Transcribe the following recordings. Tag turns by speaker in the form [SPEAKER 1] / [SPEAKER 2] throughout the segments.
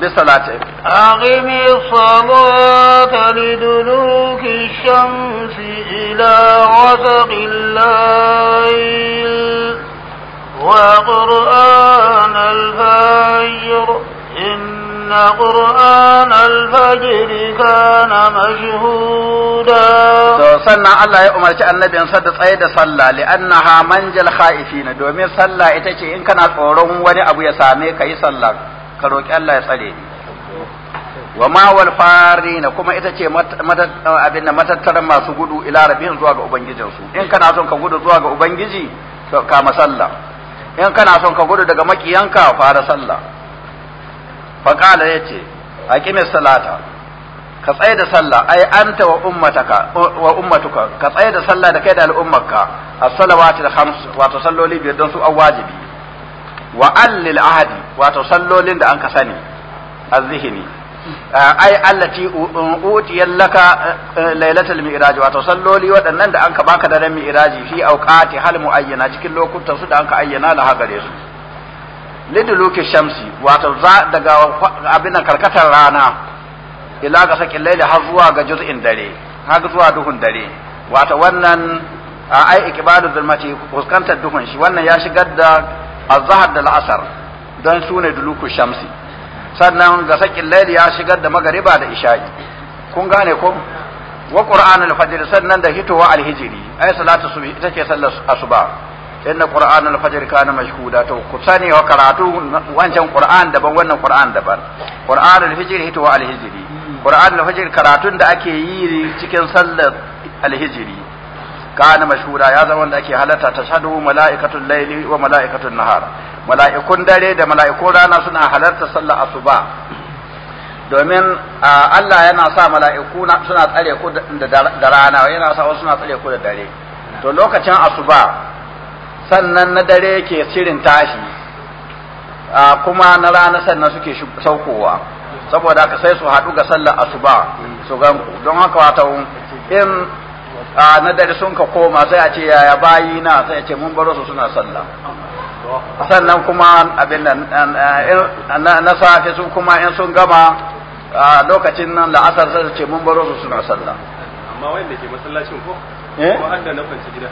[SPEAKER 1] بصلاته أقم الصلاة لدلوك الشمس إلى غسق الليل وقرآن الفجر إن قرآن الفجر كان
[SPEAKER 2] مشهودا sannan Allah ya umarci annabinsa da tsaye da sallah li'annaha manjal khaifina domin sallah ita ce in kana tsoron wani abu ya same ka yi sallah ka roƙi Allah ya tsare ni wa ma wal na kuma ita ce abin da matattaran masu gudu ila rabin zuwa ga ubangijinsu in kana son ka gudu zuwa ga ubangiji ka masalla in kana son ka gudu daga makiyanka fara sallah fa qala yace aqimi salata ka tsaye da sallah ai anta wa ummataka wa ummatuka ka tsaye da sallah da kai da al'ummarka as-salawati al-khams wato salloli biyar don su wajibi. wa allil ahadi wato sallolin da an ka sani azhini eh, ai allati um, utiyan laka eh, lailatul mi'raj wato salloli waɗannan da an ka baka daren mi'raji fi awqati hal muayyana cikin lokutan su da an ka ayyana la hagare su liduluki shamsi wato za daga abin karkatar rana ila ga sakin laila har zuwa ga juz'in dare har zuwa duhun dare wato wannan eh, ai iqbalu zulmati fuskantar duhun shi wannan ya shigar da Azahar da la'asar don su ne duluku shamsi sannan ga sakin ya shigar da magariba da isha'i kun gane ko wa qur'an sannan da hitowa al-hijri ay salatu subhi ita ce sallar asuba inna qur'an al-fajr kana mashhuda to ku sani wa karatu wancan qur'an daban wannan qur'an daban qur'an al hitowa karatun da ake yi cikin sallar alhijiri. كان مشهورا ya zama wanda ake halatta tashhadu mala'ikatul laili wa mala'ikatul nahar mala'ikun dare da mala'ikun rana suna halarta sallar asuba domin Allah yana sa mala'iku suna tsare ku da rana yana sa wasu suna tsare ku da dare to lokacin asuba sannan na dare ke shirin tashi kuma na rana sannan suke saukowa saboda ka sai su haɗu ga sallar asuba su ganku don haka wata in a na dare sun ka koma sai a ce yaya bayi na sai a ce mun baro su suna sallah sannan kuma abin nan na safe su kuma in sun gama a lokacin nan da asar sai ce mun baro su suna sallah
[SPEAKER 3] amma wanda ke masallacin ko eh? ko har da na kwanci gida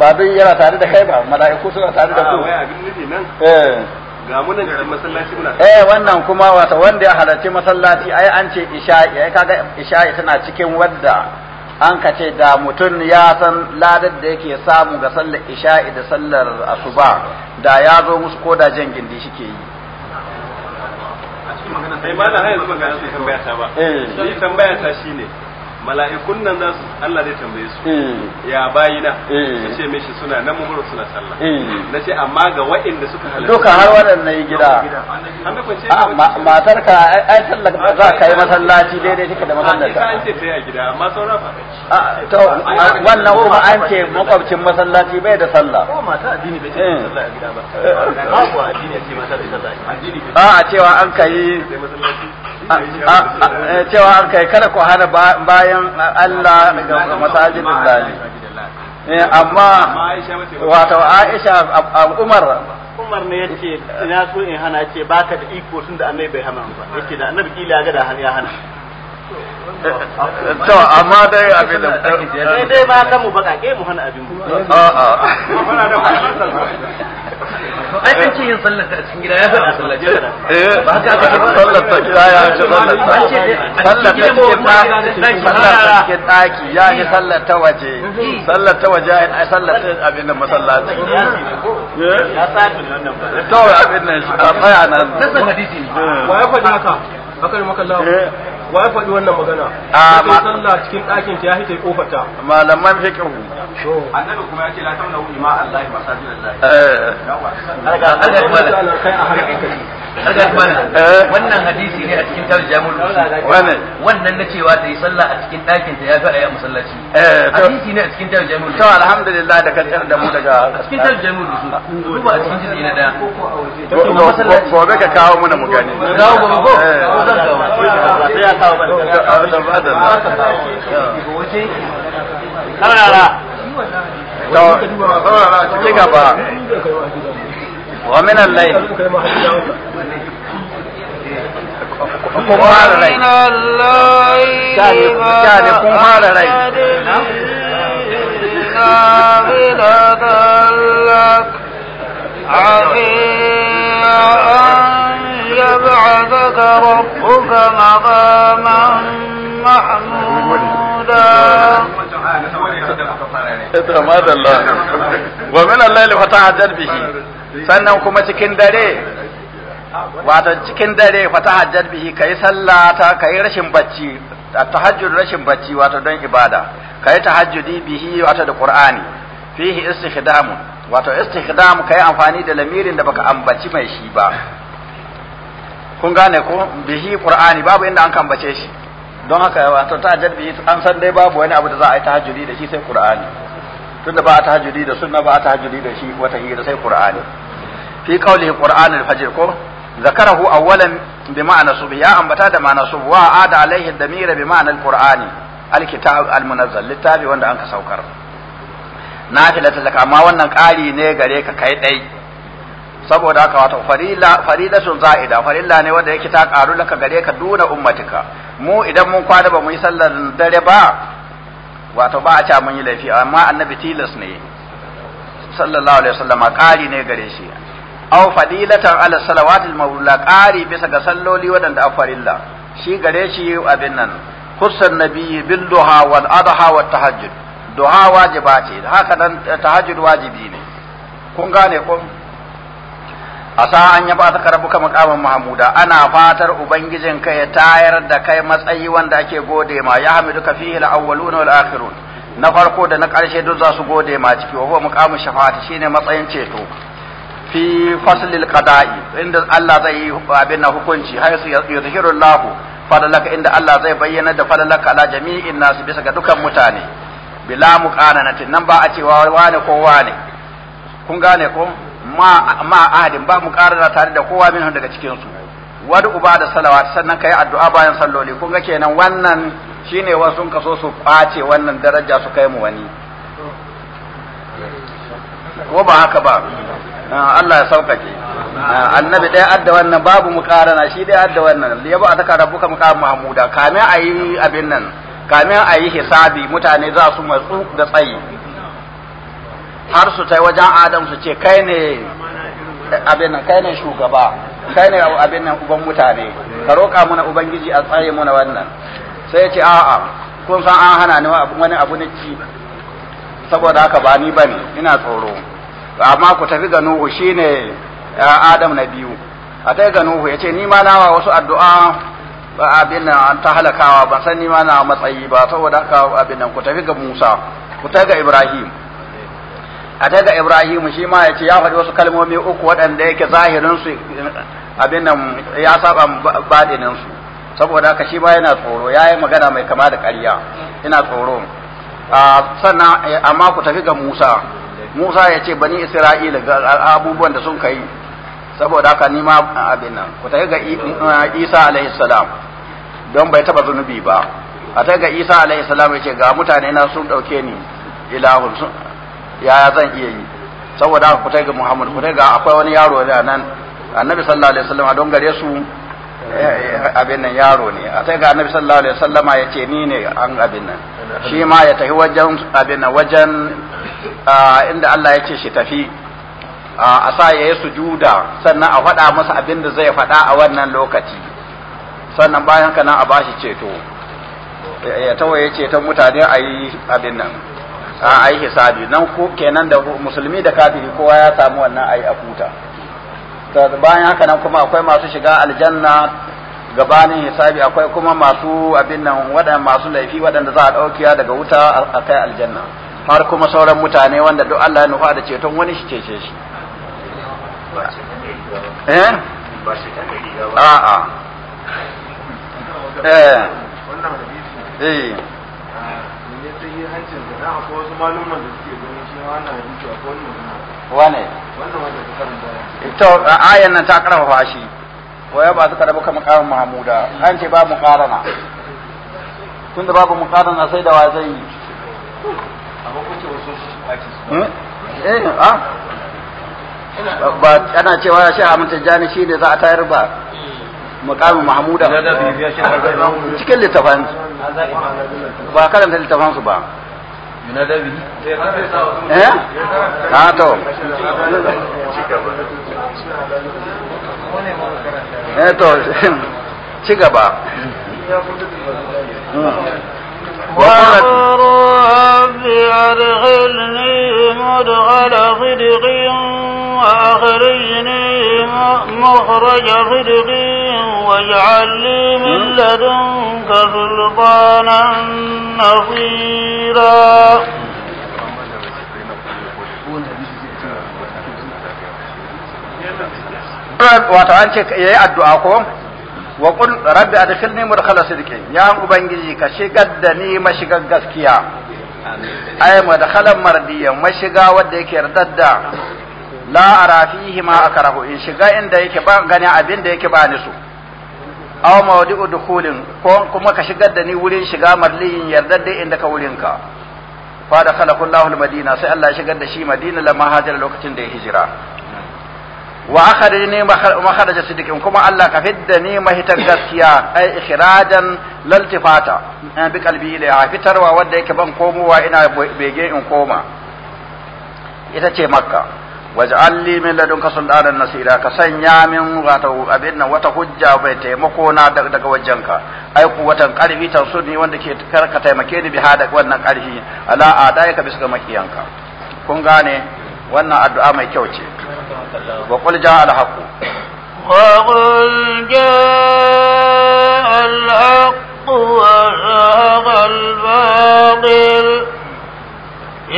[SPEAKER 2] ba dai yana tare da kai ba mala'iku suna tare da ku a wai
[SPEAKER 3] abin nufi nan eh ga munan garin masallaci muna eh
[SPEAKER 2] wannan kuma wata wanda ya halarci masallaci ai an ce isha'i ai kaga isha'i tana cikin wadda an ka ce da mutum ya san ladar da yake samu ga sallar isha'i da sallar asuba da ya zo musu ko da jan gindi shi ke yi
[SPEAKER 3] sai ba na hanyar zuba ga tambaya ta ba. Eh. Shi tambaya ta shi ne, mala'ikun nan za su Allah zai tambaye su hmm. ya bayina hmm. na ce mishi suna nan mun suna sallah hmm. na ce amma ga wa'inda suka halarci. duka har
[SPEAKER 2] waɗanda yi gida matar ka ai sallah za ka yi masallaci daidai take da ah, masallaci an
[SPEAKER 3] ce ta yi a gida amma sauran fa ah, to wannan kuma an ce makwabcin
[SPEAKER 2] masallaci bai da sallah ko mata addini bai ce sallah a gida
[SPEAKER 3] ba ba addini ce mata sallah addini ah, a cewa an kai masallaci
[SPEAKER 2] Eh, cewa an kai kada ku hana bayan Allah ga masajidin lahi eh, amma
[SPEAKER 3] wato Aisha Umar Umar ne yace ina so in hana ce baka da iko tun da annabi bai hana ba yace da annabi kila ga da ya hana to amma dai abin da dai eh, dai ba kan mu baka ke mu hana abin mu a ai an ce yin sallar ta cikin gida ya fi a masallaci eh ba haka aka ce sallar ta gida ya fi sallar ta sallar ta cikin daki sallar ta
[SPEAKER 2] cikin daki ya yi sallar ta waje mhm. sallar ta waje ai sallar ta abin nan masallaci eh?
[SPEAKER 3] ya tsafi wannan ba
[SPEAKER 2] to abin nan shi a tsaya nan sai hadisi
[SPEAKER 3] eh. wa ya faɗi haka bakar makallahu eh. wa ya faɗi wannan magana ah, a ma sallah cikin ɗakin ta ya hita kofata malaman fiqhu annabi kuma ya ce la tamna ima Allah masajidallah eh kai a harkar Eh. wannan hadisi ne a cikin tarjamul wannan wannan na cewa ta yi sallah a cikin ɗakin
[SPEAKER 2] ta ya fi a masallaci eh,
[SPEAKER 3] hadisi ne a cikin tarjamul to alhamdulillah da
[SPEAKER 2] kan da mu daga cikin tarjamul
[SPEAKER 3] su duba a cikin jini na da
[SPEAKER 2] gobe ka kawo mana mu gani kawo gobe ko eh. zan kawo sai ya kawo ba da ba da
[SPEAKER 4] saurara saurara ci gaba ومن الليل
[SPEAKER 2] قمال الليل كان
[SPEAKER 1] قمال الليل نافلة لك عفي يبعثك ربك مقاما محمودا
[SPEAKER 2] ماذا الله ومن الليل فتعجل به sannan kuma cikin dare wato cikin dare fa hajjar bihi yi sallah ta yi rashin bacci tahajjud rashin bacci wato don ibada ka kai tahajjudi bihi wato da qur'ani fihi istikhdamu wato ka yi amfani da lamirin da baka ambaci mai shi ba kun gane ko bihi qur'ani babu inda an kambace shi don haka wato tahajjud bihi an san dai babu wani abu da za a yi tahajjudi da shi sai qur'ani tunda ba a tahajjudi da sunna ba a tahajjudi da shi wata hira sai qur'ani fi qawli qur'an al-fajr ko zakarahu awwalan bi ma'ana subh ya ambata da ma'ana subh wa ada alaihi damira bi ma'ana al-qur'ani al-kitab littafi wanda an ka saukar nafilatu zaka ma wannan ƙari ne gare ka kai dai saboda haka wato farila farilatun za'ida farilla ne wanda yake ta karu laka gare ka duna ummatika mu idan mun kwana ba mu yi sallar dare ba wato ba a ca mun yi laifi amma annabi tilas ne sallallahu alaihi wasallam ƙari ne gare shi aw fadilatan ala salawatil mawla qari bisa ga salloli wadanda afarilla shi gare shi abin nan kusan nabiyyi bil duha wal adha wat tahajjud duha wajiba ce haka nan tahajjud wajibi ne kun gane ko asa an yaba ta karabu kama kaman mahmuda ana fatar ubangijin kai ya tayar da kai matsayi wanda ake gode ma ya hamidu ka fihi al awwaluna wal akhirun na farko da na karshe duk za su gode ma ciki wa huwa muqamu shafa'ati shine matsayin ceto fi faslil qada'i inda Allah zai yi abin na hukunci har su yuzhiru Allah fadalaka inda Allah zai bayyana da fadalaka ala jami'in nasu bisa ga dukan mutane bila muqananatin nan ba a cewa wane ko wane kun gane ko ma ma ahadin ba muqarana tare da kowa min daga cikin su wadu uba da salawat sannan kai addu'a bayan salloli kun ga kenan wannan shine wasu kaso su kwace wannan daraja su kai mu wani ko ba haka ba Ah, Allah ya sauƙaƙe ah, annabi ɗaya adda wannan babu mukarana shi ɗaya adda wannan ba a taka rabuka muka mahmuda kamin a yi abin nan kamin a yi hisabi mutane za su matsu da tsayi har su ta wajen adam su ce kai ne abin nan kai ne shugaba kai ne abin nan uban mutane ka roƙa muna ubangiji a tsaye muna wannan sai ya ce a'a kun san an hana ni wani abu na ci saboda haka ba ni bane ina tsoro amma ku tafi ga nuhu shine adam na biyu a tai ga nuhu ya ce ni ma nawa wasu addu'a ba abin nan ta halakawa ban san ni ma na matsayi ba saboda haka abin nan ku tafi ga Musa ku tafi ga Ibrahim a tai ga Ibrahim shi ma ce ya faɗi wasu kalmomi uku waɗanda yake zahirin su abin nan ya saba badinin su saboda haka shi ba yana tsoro yi magana mai kama da ƙarya ina tsoro sannan amma ku tafi ga Musa Musa ya ce bani Isra'ila ga abubuwan da sun kai saboda haka ni ma abin nan ku ta ga uh, Isa alaihi salam don bai taba zunubi ba a ta ga Isa alaihi salam ya ce ga mutane na sun dauke ni ilahun sun yaya zan iya yi saboda haka ku ta ga Muhammad ku ta ga akwai wani yaro da nan annabi sallallahu alaihi wasallam don gare su abin nan yaro ne a sai ga annabi sallallahu alaihi wasallama ya ce ni ne an abin nan shi ma ya tafi wajen abin wajen inda Allah ya ce shi tafi a sa ya yi sujuda sannan a faɗa masa abin da zai faɗa a wannan lokaci sannan bayan ka nan a bashi ceto ya tawo ya ceton mutane a yi abin nan a yi hisabi nan kenan da musulmi da kafiri kowa ya samu wannan a yi a huta ta bayan haka nan kuma akwai masu shiga aljanna gabanin hisabi akwai kuma masu abin nan waɗanda masu laifi waɗanda za a ɗaukiya daga wuta a kai aljanna har kuma sauran mutane wanda duk Allah ya nufa da ceton wani shi cece shi
[SPEAKER 4] eh a a
[SPEAKER 3] eh. eh wannan hadisi eh ne sai hancin da akwai wasu maluman da suke ganin shi wannan hadisi akwai wannan
[SPEAKER 2] wane to ayan nan ta karfafa shi waya ba su rabu kama karin mahamuda an ce ba mu karana tunda babu mu karana sai da wa zai yi
[SPEAKER 3] hmm? eh a ba
[SPEAKER 2] ana cewa shi a mutum jani shi ne za a tayar ba eh. mukamin mahamuda cikin littafan ba karanta littafan su ba eh
[SPEAKER 3] ah, ah to
[SPEAKER 4] eh to
[SPEAKER 2] ci gaba hmm. hmm. وقالت
[SPEAKER 1] أدخلني مدخل صدق وأخرجني مخرج صدق واجعل لي من لدنك سلطانا
[SPEAKER 2] نصيرا wato an ce ya yi addu'a ko wa qul rabbi adkhilni mudkhala sidqin ya ubangiji ka shigar da ni mashigar gaskiya ay madkhalan mardiyan mashiga wanda yake yardadda la ara fihi ma akrahu in shiga inda yake ba gani abin da yake ba ni so aw mawdi'u dukhulin ko kuma ka shigar da ni wurin shiga marliyin da inda ka wurin ka fa dakhala kullahu almadina madina sai Allah ya shigar da shi Madina lamma hajara lokacin da ya hijira wa akhrijni makharaja sidikin kuma Allah ka fidda ni mahitar gaskiya ai ikhrajan laltifata eh, bi qalbi fitar fitarwa wanda yake ban komowa ina bege in koma ita ce makka waj'al li min ladunka sultanan nasira ka sanya min wata abin wata hujja bai taimako na daga wajenka ai kuwatan karfi ne wanda ke karka taimake ni bi hada wannan karfi ala adaika bisa makiyanka kun gane wannan addu'a mai kyau ce wa qul jaa al haqq
[SPEAKER 1] wa qul jaa al haqq wa zahaqa al
[SPEAKER 2] batil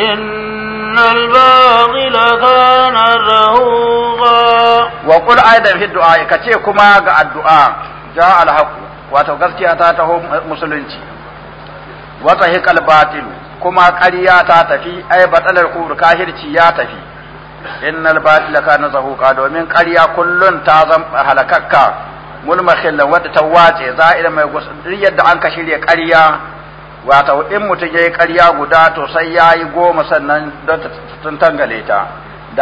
[SPEAKER 2] inna al batila kana rahuqa wa kuma ga addu'a jaa al haqq wato gaskiya ta taho musulunci wata hikal batilu kuma ƙarya ta tafi ai batsalar kufur kahirci ya tafi innal batila kana zahuqa domin karya kullum ta zan halakakka mulmakhillan wadda ta wace za'ira mai yadda an ka shirya ƙarya wato in mutum yayi karya guda to sai yayi goma sannan don tun tangale da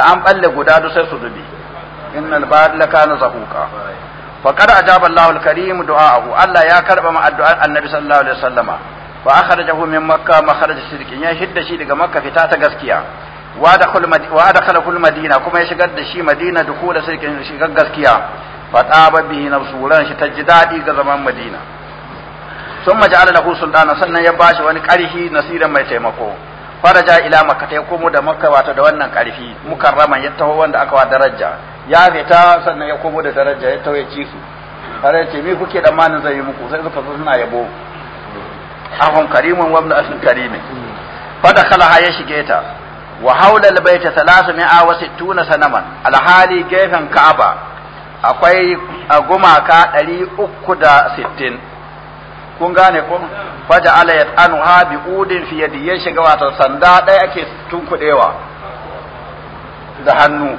[SPEAKER 2] an balle guda duk sai su zubi innal batila kana zahuqa faqad ajaba Allahu al-karim du'a'ahu Allah ya karba ma addu'ar annabi sallallahu alaihi wasallama fa akhrajahu min makkah makharaj sirqin ya hidda shi daga makka fita ta gaskiya wa adakhalahu al-madina kuma ya shigar da shi madina dukula sai kin shigar gaskiya fa ba bihi nafsu ran shi ta ji dadi ga zaman madina sun maja'ala lahu sultana sannan ya bashi wani karfi nasiran mai taimako ja ila makka ta komo da makka wato da wannan karfi mukarraman ya taho wanda aka wa daraja ya fita sannan ya komo da daraja ya taho ya ci su har ya ce me kuke manin zai yi muku sai suka zo suna yabo ahun karimun wa ibn asin karimin fa dakhala ya shige ta wa haula albayta 360 sanaman alhali gefen ka'aba akwai gumaka 360 kun gane ko faja ala anu, ha bi udin fi yadi ya shiga wata sanda ɗaya ake tunkudewa da hannu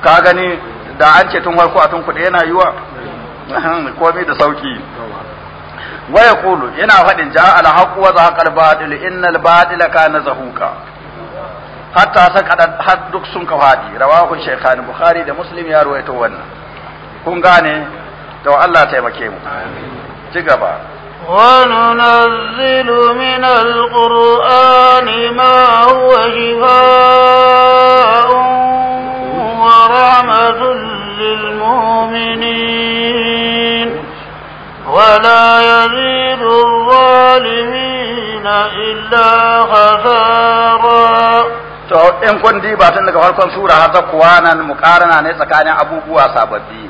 [SPEAKER 2] ka gani da an ce tun farko a tunkude yana yiwa komai da sauki waya kulu yana faɗin ja alhaqu wa zahaqal batil innal batila kana zahuka hatta saka dan har duk sun ka fadi rawahu shaykhan bukhari da muslim ya ruwaito wannan kun gane to Allah taimake mu amin ci gaba
[SPEAKER 1] وننزل من القرآن ما هو شفاء ورحمة للمؤمنين ولا يزيد الظالمين
[SPEAKER 2] إلا خسارا to in kun diba tun daga farkon sura har na nan mukarana ne tsakanin abubuwa sababbi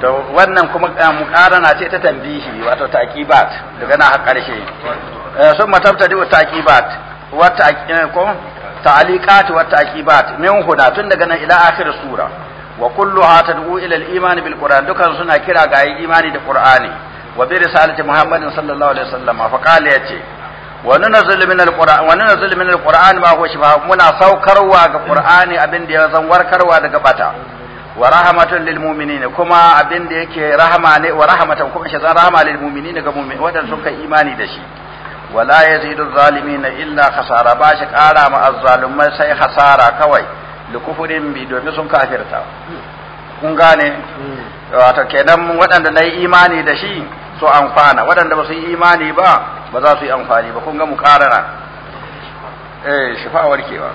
[SPEAKER 2] to wannan kuma eh, mukarana ce ta tambihi wato taqibat daga na har karshe eh, sun matabtadi taqibat wa eh, ko ta'aliqat wa taqibat min huda tun daga nan ila akhir sura wa kulluha tad'u ila al-iman bil qur'an dukan suna kira ga imani da qur'ani wa bi risalati muhammadin sallallahu alaihi wasallam fa qala yace wani na min alquran wani nazil min shi ba muna saukarwa ga ƙura'ani abin da ya zan warkarwa daga bata wa rahmatan lil ne kuma abin da yake rahama ne wa rahmatan kuma shi zan rahama lil mu'minin ga mu'min sun suka imani da shi wala yazidu zalimin illa khasara ba shi kara ma azzalumai sai khasara kawai da kufurin bi domin sun kafirta kun gane wato kenan waɗanda na yi imani da shi su amfana waɗanda ba su yi imani ba ba za su yi amfani ba kun ga muƙarara eh shifa warkewa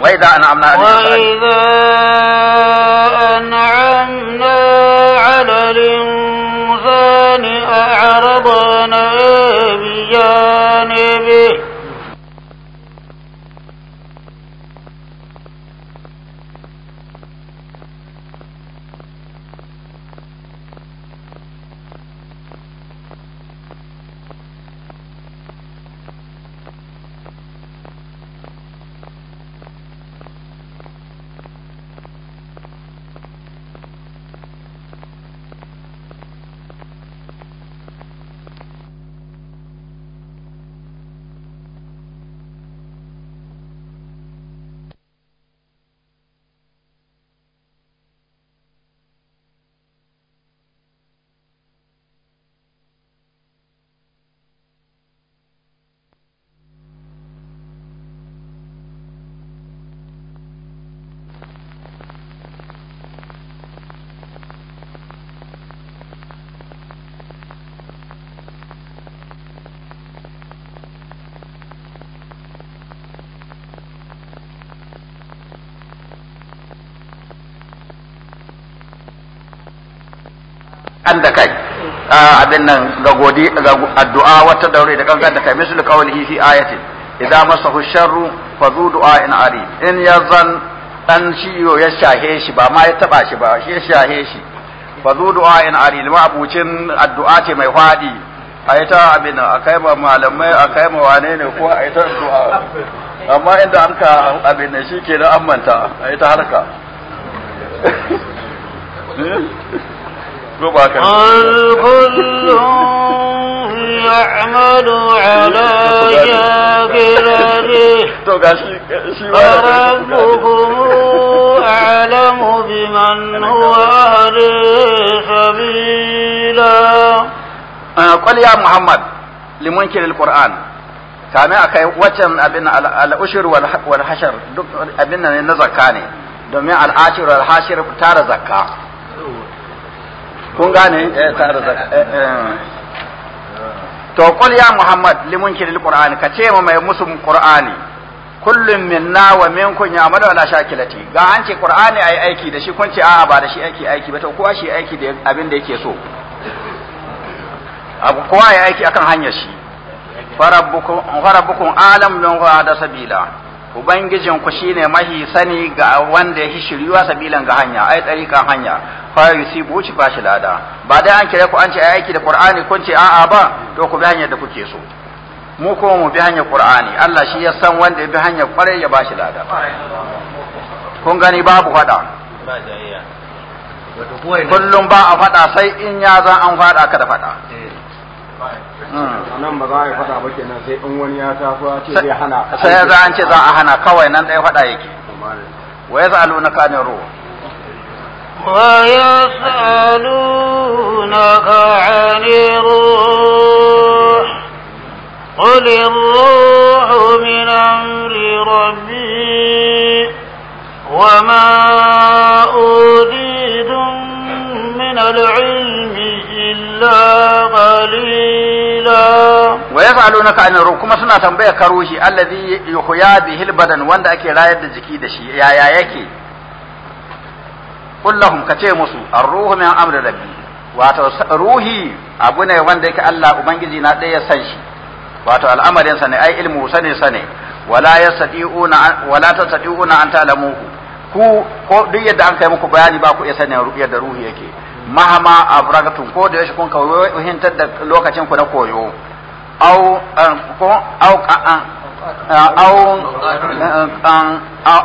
[SPEAKER 2] wai da ana amna an'amna
[SPEAKER 1] 'ala
[SPEAKER 4] al-insani arabana nabiya
[SPEAKER 2] kankan da kai ah, abin nan ga godi ga addu'a wata daure da kanka da kai misal qawlihi fi ayati idza masahu sharru fa zu du'a in ari in yazan dan shiyo ya shahe shi ba ma ya taba shi ba shi ya shahe shi fa zu du'a in ari ma abucin addu'a ce mai fadi ayata abin a kai ma malamai a kai ma wane ne ko ayata addu'a amma inda an ka abin shi kenan an manta ayata harka hmm? duba kan
[SPEAKER 1] يعمل على شاكلته فربكم
[SPEAKER 2] أعلم بمن هو أهدي سبيلا قال يا محمد لمنكر القرآن kame a kai waccan abin al'ushir wal hashar duk abin nan na zakka ne domin al'ashir wal hashir tara zakka kun gane eh, tare eh, eh. to qul ya muhammad limunki kiril qur'ani ka ce ma mai musu qur'ani kullum minna wa minkum ya amadu ala shakilati ga an ce qur'ani ai aiki da shi kun ce a'a ba da shi aiki aiki ba to kowa shi aiki da abin da yake so abu kowa ya aiki akan hanyar shi farabbukum farabbukum alam min da sabila ubangijin ku shine mahi sani ga wanda ya shiriwa sabilan ga hanya ai tsarikan hanya fa yusibu shi ba shi lada ba dai an kire ku an ce ai aiki da qur'ani kun ce a'a ba to ku bi hanyar da kuke so mu kuma mu bi hanyar qur'ani Allah shi ya san wanda ya bi hanyar kwarai ya ba shi lada kun gani babu fada kullum ba a fada sai in ya zan an fada ka da fada eh. Ah. nan ba za a yi faɗa ba kenan sai in wani ya tafi a ce zai hana sai ya za an ce za a hana kawai nan ɗaya faɗa yake wa ya a luna kanin ruwa
[SPEAKER 1] wa ya sa'alu ruwa قل الروح من أمر ربي وما أريد من العلم
[SPEAKER 2] illa qalila na ka kuma suna tambaya ka ruhi allazi yuhya bihi albadan wanda ake rayar da jiki da shi yaya yake kullahum kace musu arruhu min amri rabbi wato ruhi abu ne wanda yake Allah ubangiji na daya san shi wato al'amarin sa ne ai ilmu sane sane wala yasadiuna wala tasadiuna an ta'lamu ku ko duk yadda an kai muku bayani ba ku iya sanin yadda ruhi yake mahama a furagatun ko da yashi kun kawahintar da lokacin ku na koyo au ko au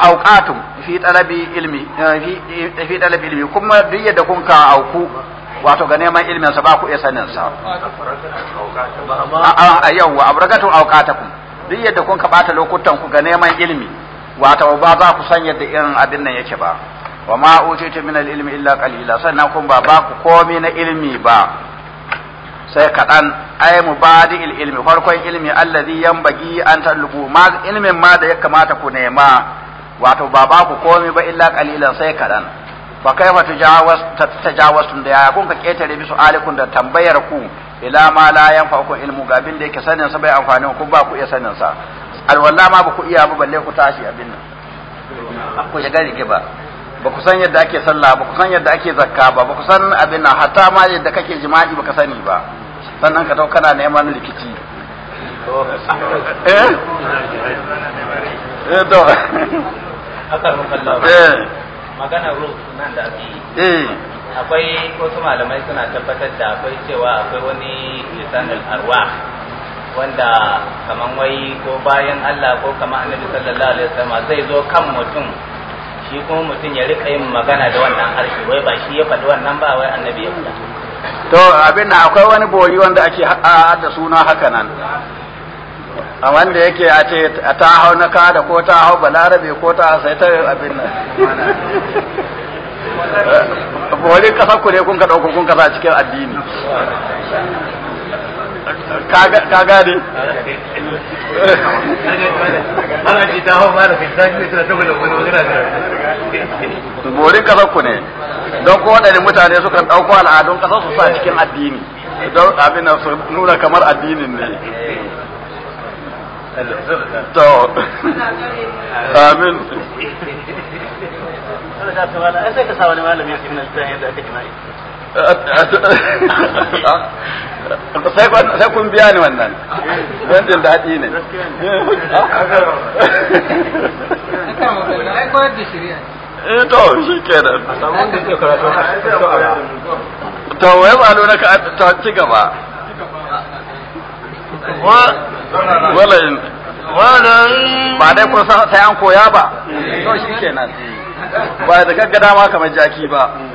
[SPEAKER 2] auƙatun fi talabi ilmi eh, eh, fi talabi kuma duk yadda kun ka auku wato ga neman ilmin sa ba ku iya sanin sa a yau wa abrakatun auqatakum duk yadda kun ka bata lokutan ku ga neman ilmi wato ba za ku san yadda irin abin nan yake ba wa ma utaita min al-ilmi illa qalila sannan kun ba ba ku komai na ilmi ba sai kaɗan ai mubadi ilmi farkon ilmi allazi yanbagi an talubu ma ilmin ma da ya kamata ku nema wato ba ba ku komai ba illa qalila sai kaɗan fa kaifa tujawas tun da ya kun ka ketare bisu alikun da tambayar ku ila ma la ku ilmu ga abin da yake sanin sa bai amfani ku ba ku iya sanin sa alwala ma ba ku iya ba balle ku tashi abin nan ku ke ba ba ku san yadda ake sallah ba ku san yadda ake zakka ba ba ku san abin nan hatta ma yadda kake jima'i ba ka sani ba sannan ka tau kana neman likiti.
[SPEAKER 3] eh eh to eh. magana nan da ake eh akwai wasu malamai suna tabbatar da akwai cewa akwai wani lisanul arwa wanda kaman wai ko bayan Allah ko kaman annabi sallallahu alaihi wasallam zai zo kan mutum shi kuma mutum ya rika yin magana da wannan harshe wai ba shi ya faɗi wannan ba wai annabi ya faɗa
[SPEAKER 2] to abin da akwai wani bori wanda ake da suna haka nan a wanda yake a ce ta hau na kada ko ta hau balarabe ko ta sai ta abin nan bori kasa kure kun ka ɗauko kun kasa cikin addini
[SPEAKER 3] ka gane ana ji ta hau mara fi wani
[SPEAKER 2] borin kasar ku ne don ko waɗanne mutane suka ɗauko al'adun kasar su sa cikin addini don abin su nuna kamar addinin ne
[SPEAKER 3] amin sai kun biya ni wannan wajen jin daɗi ne eh, to shi kenan to wai malo na
[SPEAKER 2] ka ta ci gaba wala ba dai kun sai an koya ba to shi kenan ba da gaggada ma kamar jaki ba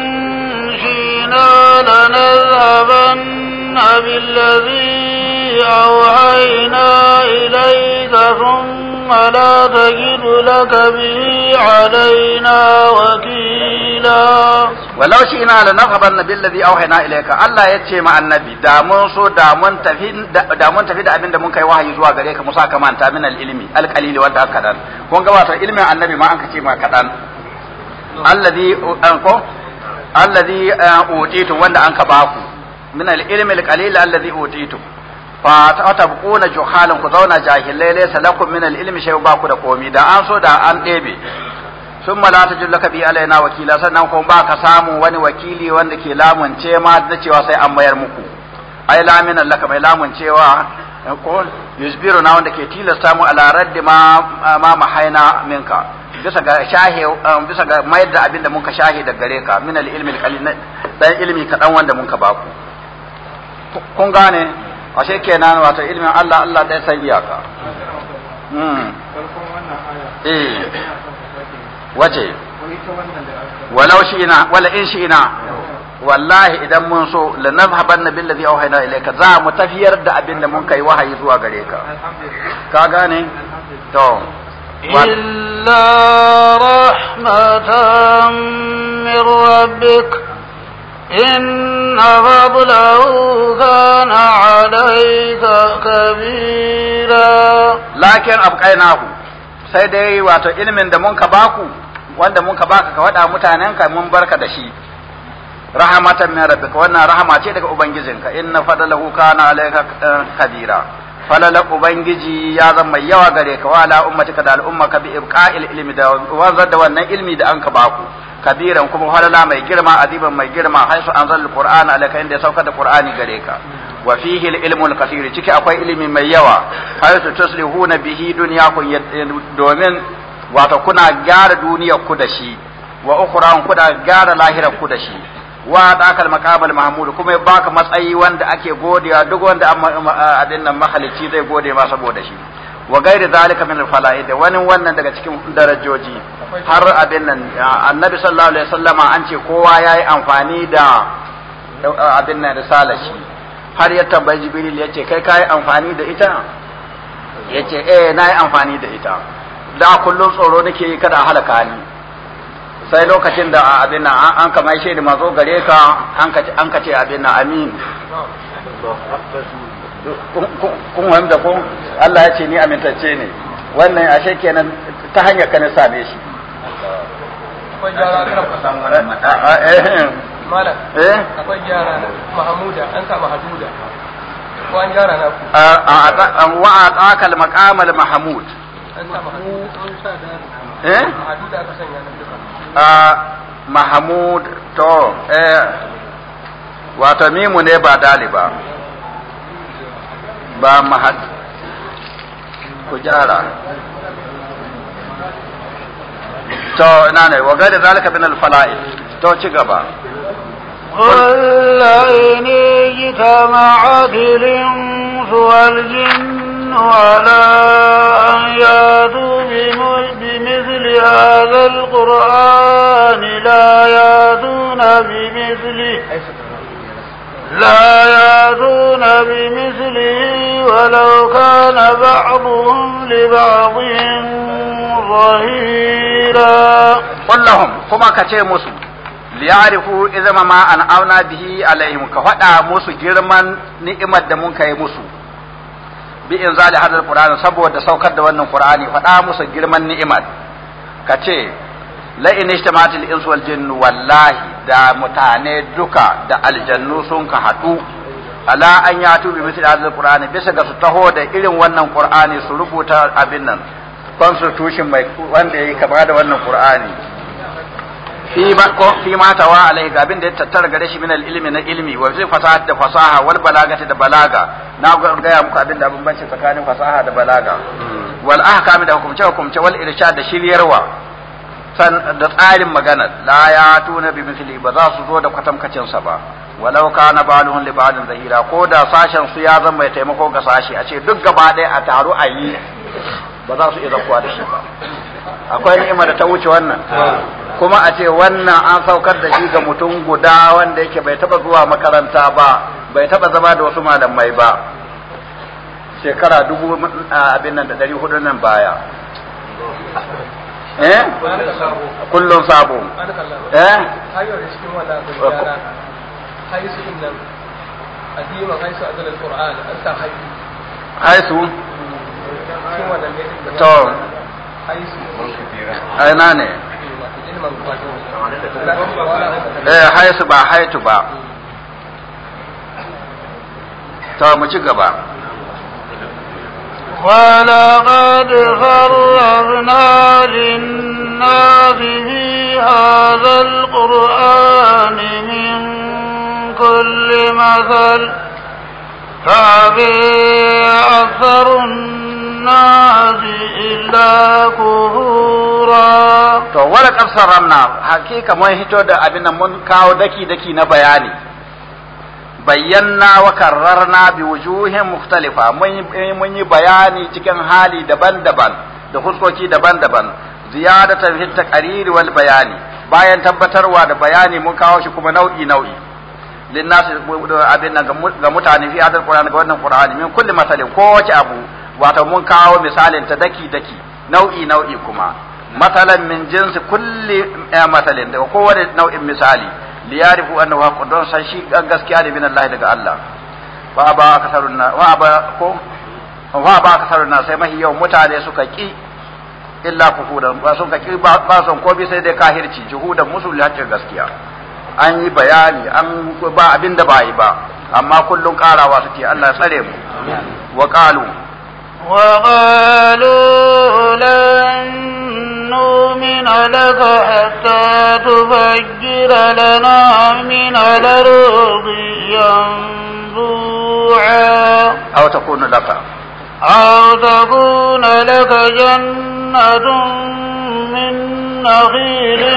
[SPEAKER 1] إنا لنذهبن بالذي أوحينا إليك ثم لا تجد لك به علينا
[SPEAKER 2] وكيلا ولو شئنا لنذهبن بالذي أوحينا إليك الله يتشي مع النبي دامون سو دامون تفيد دامون تفيد أبين دامون كي وحي يزوى غريك موسى كمان تامن العلمي القليل والدى كدان كون قوات العلمي النبي ما أنك تشي ما كدان الذي أنكو allazi eh, utitu wanda an ka baku min al-ilmi al-qalil allazi utitu fa tatabquna juhalan ku zauna jahilai laysa lakum min al-ilmi shay ba ku da komi da an so da an ɗebe summa la tajullaka bi alaina wakila sannan kuma ba ka samu wani wakili wanda ke lamunce ma da cewa sai an mayar muku ai laminan laka mai lamuncewa eh, ko yusbiru na wanda ke tilasta mu ala raddi ma ma mahaina minka bisa ga shahe um, bisa ga mayar da abin da muka shahe da gare ka min ilmi al-qalil dan ilmi dan wanda muka baku kun gane ashe kenan wato ilmin Allah Allah dai san iyaka mm
[SPEAKER 4] eh wace walau
[SPEAKER 2] shi'ina wala in shi'ina wallahi idan mun so la nazhaban bil ladhi awhayna ilayka za mu tafiyar da abin da mun kai wahayi zuwa gare ka ka gane to إلا رحمة
[SPEAKER 1] من ربك إن sai كان عليك كبيرا
[SPEAKER 2] لكن أبقيناه سيدي واتو علم دمونك باكو wanda mun ka baka ka faɗa mutanenka mun barka da shi rahamatan min rabbika wannan rahama ce daga ubangijinka inna fadalahu kana ɗan eh, kabira falala ubangiji ya zama mai yawa gare ka wala ummatika da al'umma ka bi ibqa'il ilmi da wanzar da wannan ilmi da an ka baku kabiran kuma falala mai girma aziban mai girma haisu anzal alquran alaka inda ya sauka da qur'ani gare ka wa fihi ilmu alkathir ciki akwai ilmi mai yawa haisu tuslihuna bihi dunyakum domin wato kuna gyara duniyar ku da shi wa ukhra kuna gyara lahirar ku da shi wa dakal makabal mahmud kuma baka matsayi wanda ake godewa duk wanda abin nan mahalici zai gode ma saboda shi wa gairi zalika min al wani wannan daga cikin darajoji har abin annabi sallallahu alaihi wasallama an ce kowa yayi amfani da abin nan risala har ya tambayi jibril ya ce kai kai amfani da ita ya ce eh nayi amfani da ita da kullum tsoro nake kada halaka ni sai lokacin da abin nan an kama shi da mazo gare ka an ka ce abin nan amin kun wani da kun Allah ya ce ni amintacce ne wannan ashe kenan ta hanyar ka na same shi
[SPEAKER 3] akwai gyara kada ku samu wannan mata malam eh akwai gyara
[SPEAKER 2] mahamuda an sa mahaduda ko an gyara na ku a wa aqal maqamal mahmud
[SPEAKER 3] an sa mahmud an sa eh
[SPEAKER 2] ah, mahmud to eh wato mimu ne ba dali ba ba mahad ku gyara to ina ne wa gaida zalika bin al-fala'il to ci gaba
[SPEAKER 1] والليل اجتمعت الإنس والجن على أن يأتوا هذا القرآن لا يأتون بمثله لا يأتون بمثله ولو كان
[SPEAKER 2] بعضهم لبعضهم ظهيرا قل لهم كما كتير مسلم liyarifu izama ma an auna bihi alaihim ka faɗa musu girman ni'imar da mun kai musu bi in zali hadal qur'ani saboda saukar da wannan qur'ani faɗa musu girman ni'imar ka ce la'in ishtamatil insu wal jinnu wallahi da mutane duka da aljannu sun ka haɗu ala an ya tubi misali azal qur'ani bisa ga su taho da irin wannan qur'ani su rubuta abin nan constitution mai wanda yayi kaba da wannan qur'ani fi ma ko fi ga abin da ya tattara gare shi min ilmi na ilmi wa fi fasaha da fasaha wal balagati da balaga na ga ya muku abin da bambanci tsakanin fasaha da balaga hmm. wal ahkam da hukumce hukumce wal irshad da shiryarwa san da tsarin magana la ya tuna bi misli ba za su zo da kwatamkacin sa ba walau kana baluhun li ba'din zahira ko da sashen su ya zama mai taimako ga sashi a ce duk gaba ɗaya a taru a yi ba za su iya zakuwa da shi ba akwai ni'ima da ta wuce wannan kuma a ce wannan an saukar da shi ga mutum guda wanda yake bai taba zuwa makaranta ba bai taba zama da wasu malamai ba shekara dubu abin nan da dari hudu nan baya eh kullum sabo eh haisu تو a ina ne eh haisu ba haitu ba mu ci gaba
[SPEAKER 1] ولقد فرغنا للناس هذا القرآن من كل مثل فأبي
[SPEAKER 2] النار إلا كهورا to ولا kafsar رمنا hakika mun hito da abin nan mun kawo daki daki na bayani bayyana wa karrarna bi wujuhin mukhtalifa mun yi bayani cikin hali daban-daban da huskoki daban bayani bayan tabbatarwa da bayani mun kawo shi kuma nau'i nau'i linnasi abin nan ga mutane fi hadal qur'ani ga wannan qur'ani min kulli masalin ko wace abu wato mun kawo misalin ta daki daki nau'i nau'i kuma matalan min jinsi kulli eh, matalin daga kowane nau'in misali li yarifu annahu haqqun don san shi gaskiya ne min Allah daga Allah wa ba kasarun wa ba ko wa ba kasarun na sai mahi yau mutane suka ki illa kuhudan ba sun ka ki ba son ko bi sai dai kahirci juhudan musulmi haqqin gaskiya an yi bayani an ba abin da ba yi ba amma kullum karawa suke Allah tsare mu wa qalu
[SPEAKER 1] وقالوا لن نؤمن لك حتى تفجر لنا من الأرض
[SPEAKER 2] ينبوعا أو تكون لك
[SPEAKER 1] أو تكون لك جنة من نخيل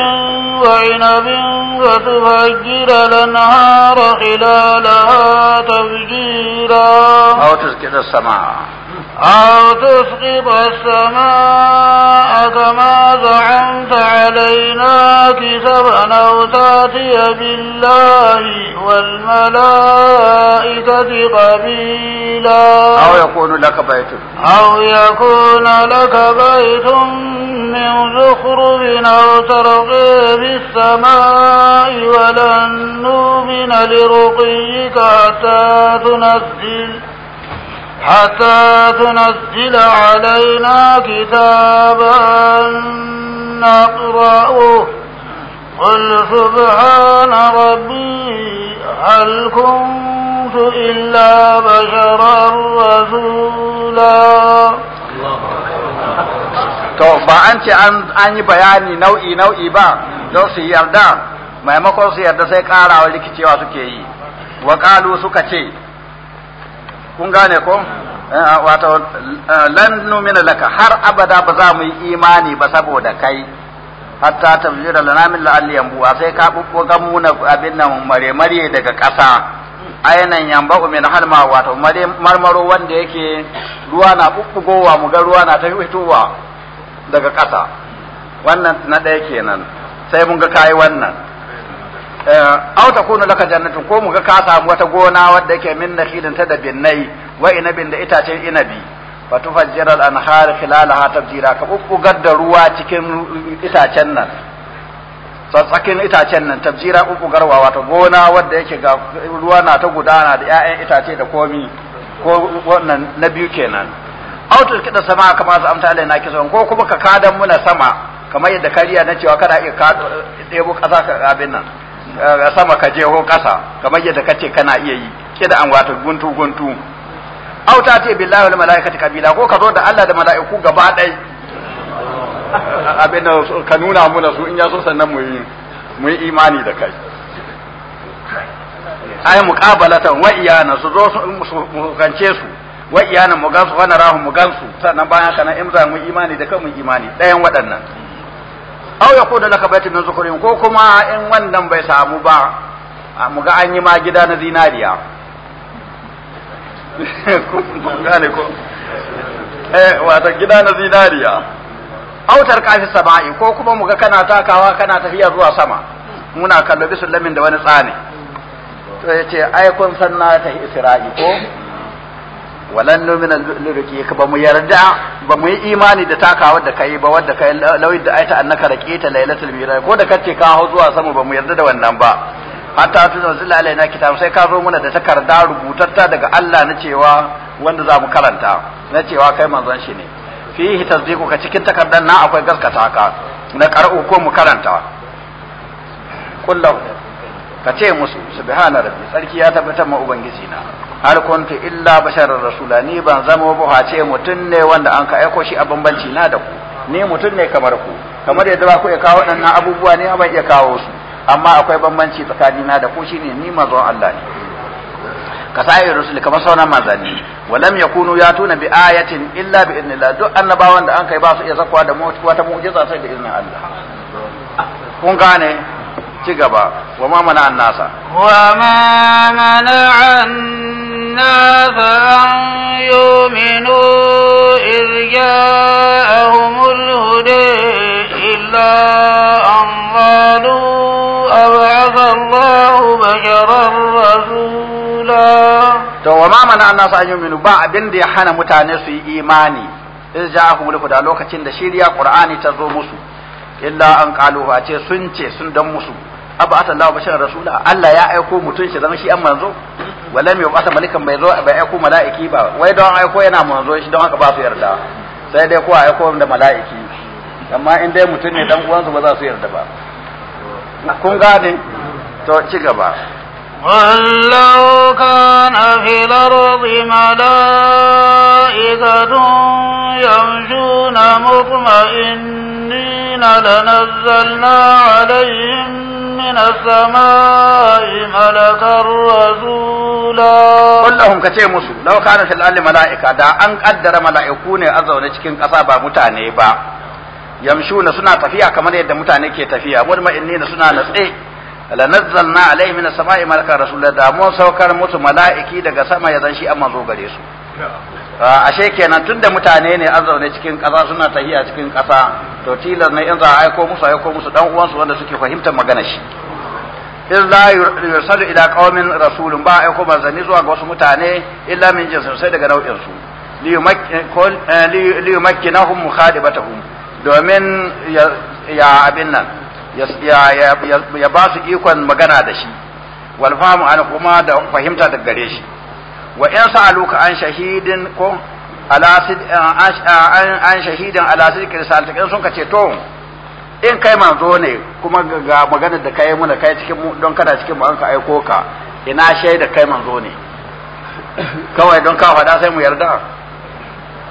[SPEAKER 1] وعنب وتفجر الأنهار خلالها تفجيرا
[SPEAKER 2] أو تسكن السماء
[SPEAKER 1] أو تسقط السماء كما زعمت علينا كسبا أو تاتي بالله والملائكة قبيلا أو
[SPEAKER 2] يكون لك بيت
[SPEAKER 1] أو يكون لك بيت من زخرف أو ترقي في السماء ولن نؤمن لرقيك حتى تنزل حتى تنزل علينا كتابا نقرأه قل سبحان ربي هل كنت إلا بشرا رسولا
[SPEAKER 2] to ba an ce an yi bayani nau'i nau'i ba don su yarda maimakon su yarda sai karawa rikicewa suke yi wa kalu suka ce kun gane ko eh, wato eh, lan numina laka har abada ba za mu yi imani ba saboda kai hatta tafjira lana min la'alli yambu'a sai ka bubbo ga mu na abin nan mare mare daga ƙasa ainan yamba'u min halma wato mare marmaro wanda yake ruwa na bubbugowa mu ga ruwa na ta fitowa daga kasa wannan na ɗaya kenan sai mun ga kai wannan Eh, aw kuna laka jannatu ko muga ka samu wata gona wadda yake min nakhilin ta da binnai wa inabin da itacen inabi fa tufajjira al-anhar khilalaha tabjira ka uku da ruwa cikin itacen nan tsatsakin itacen nan tabjira garwa wata gona wadda yake ga ruwa na ta gudana da ƴaƴan itace da komi ko wannan na biyu kenan aw kida sama kamar za amta alaina kisan ko kuma ka kadan muna sama kamar yadda kariya na cewa kada ka ɗebo ƙasa ka abin nan Eh, sama ka je ko kasa kamar yadda ka ce kana iya yi ke da an wata guntu guntu au ta ce billahi wal malaikati kabila ko ka zo da Allah da mala'iku gaba dai abin ka nuna muna su in ya so sannan mu yi mu yi imani da kai Ai muqabalatan wa iyana su zo su kance su wa iyana mu gansu wa narahu mu gansu sannan bayan kana imza mu imani da kai mu imani dayan waɗannan aw ya da laka baitin min zukurin ko kuma in wannan bai samu ba mu ga an yi ma gida na zinariya ko eh, gida na zinariya autar kafi sama'i ko kuma mu ga kana takawa kana tafiya zuwa sama muna kallo bisul da wani tsani to yace ai kun san na ta isra'i ko walan numina lurki ka ba mu yarda ba mu yi imani da takawar da kai ba wadda kai lauyi da aita annaka raqita lailatul miraj ko da kace ka hawo zuwa sama ba mu yarda da wannan ba hatta tunzil na kitab sai ka zo muna da takarda rubutatta daga Allah na cewa wanda za mu karanta na cewa kai manzon shi ne fihi tasdiqu ka cikin takardar na akwai gaskata ka na qara'u ko mu karanta Kullum. ka ce musu subhana rabbi sarki ya tabbatar ma ubangiji na har kuntu illa basharar rasula ni ban zama ba ce mutum ne wanda an ka aiko shi a bambanci na da ku ni mutum ne kamar ku kamar yadda ba ku iya kawo waɗannan abubuwa ne ban iya kawo su amma akwai bambanci tsakanina da ku shine ni manzon Allah ne ka sa'i rusul kamar sauran manzanni walam yakunu yatuna bi ayatin illa bi idnillah duk annabawan da an kai ba su iya zakwa da wata mu'jiza sai da iznin Allah kun gane ci gaba wa ma mana an nasa
[SPEAKER 1] wa ma mana an nasa an yuminu irya ja'ahumul hude illa an qalu ab'atha Allahu basharan rasula
[SPEAKER 2] to wa ma mana an nasa an yuminu ba abin da ya hana mutane su yi imani iz ja'ahumul huda lokacin da shirya qur'ani ta zo musu illa an qalu ce sun ce sun dan musu abata Allah bashar rasula Allah ya aiko mutum shi zama shi an manzo ba yabata malikan mai zo bai aiko mala'iki ba wai don aiko yana manzo shi don haka ba su yarda sai dai ko aiko da mala'iki amma in dai mutum ne dan uwansu ba za su yarda ba kun gane to ci gaba
[SPEAKER 4] قل لو
[SPEAKER 1] كان في الأرض ملائكة يمشون مطمئنين لنزلنا عليهم من السماء ملكا رسولا
[SPEAKER 2] قل لهم كتير مسو لو كان في الأرض ملائكة دا أن قدر ملائكون أزونا cikin ƙasa ba mutane ba yamshuna suna tafiya kamar yadda mutane ke tafiya mutmainina lanazzalna alaihi min as-sama'i malaka rasulullah da mu saukar musu mala'iki daga sama ya zan shi amma zo gare su ashe kenan tunda mutane ne an zaune cikin ƙasa suna tahiya cikin kasa to tilas ne in za a aiko musu aiko musu dan uwansu wanda suke fahimtar magana shi in la yursalu ila qaumin rasulun ba aiko manzanni zuwa ga wasu mutane illa min jinsin sai daga nau'in su yumakkinahum mukhadibatahum domin ya abin nan ya ba su ikon magana da shi wal fahmu an kuma da fahimta daga gare shi wa in sa'aluka an shahidin ko an an shahidin ala sidqi risalati take sun kace to in kai manzo ne kuma ga magana da kai muna kai cikin mu don kana cikin mu an ka aiko ka ina shaida kai manzo ne kawai don ka fada sai mu yarda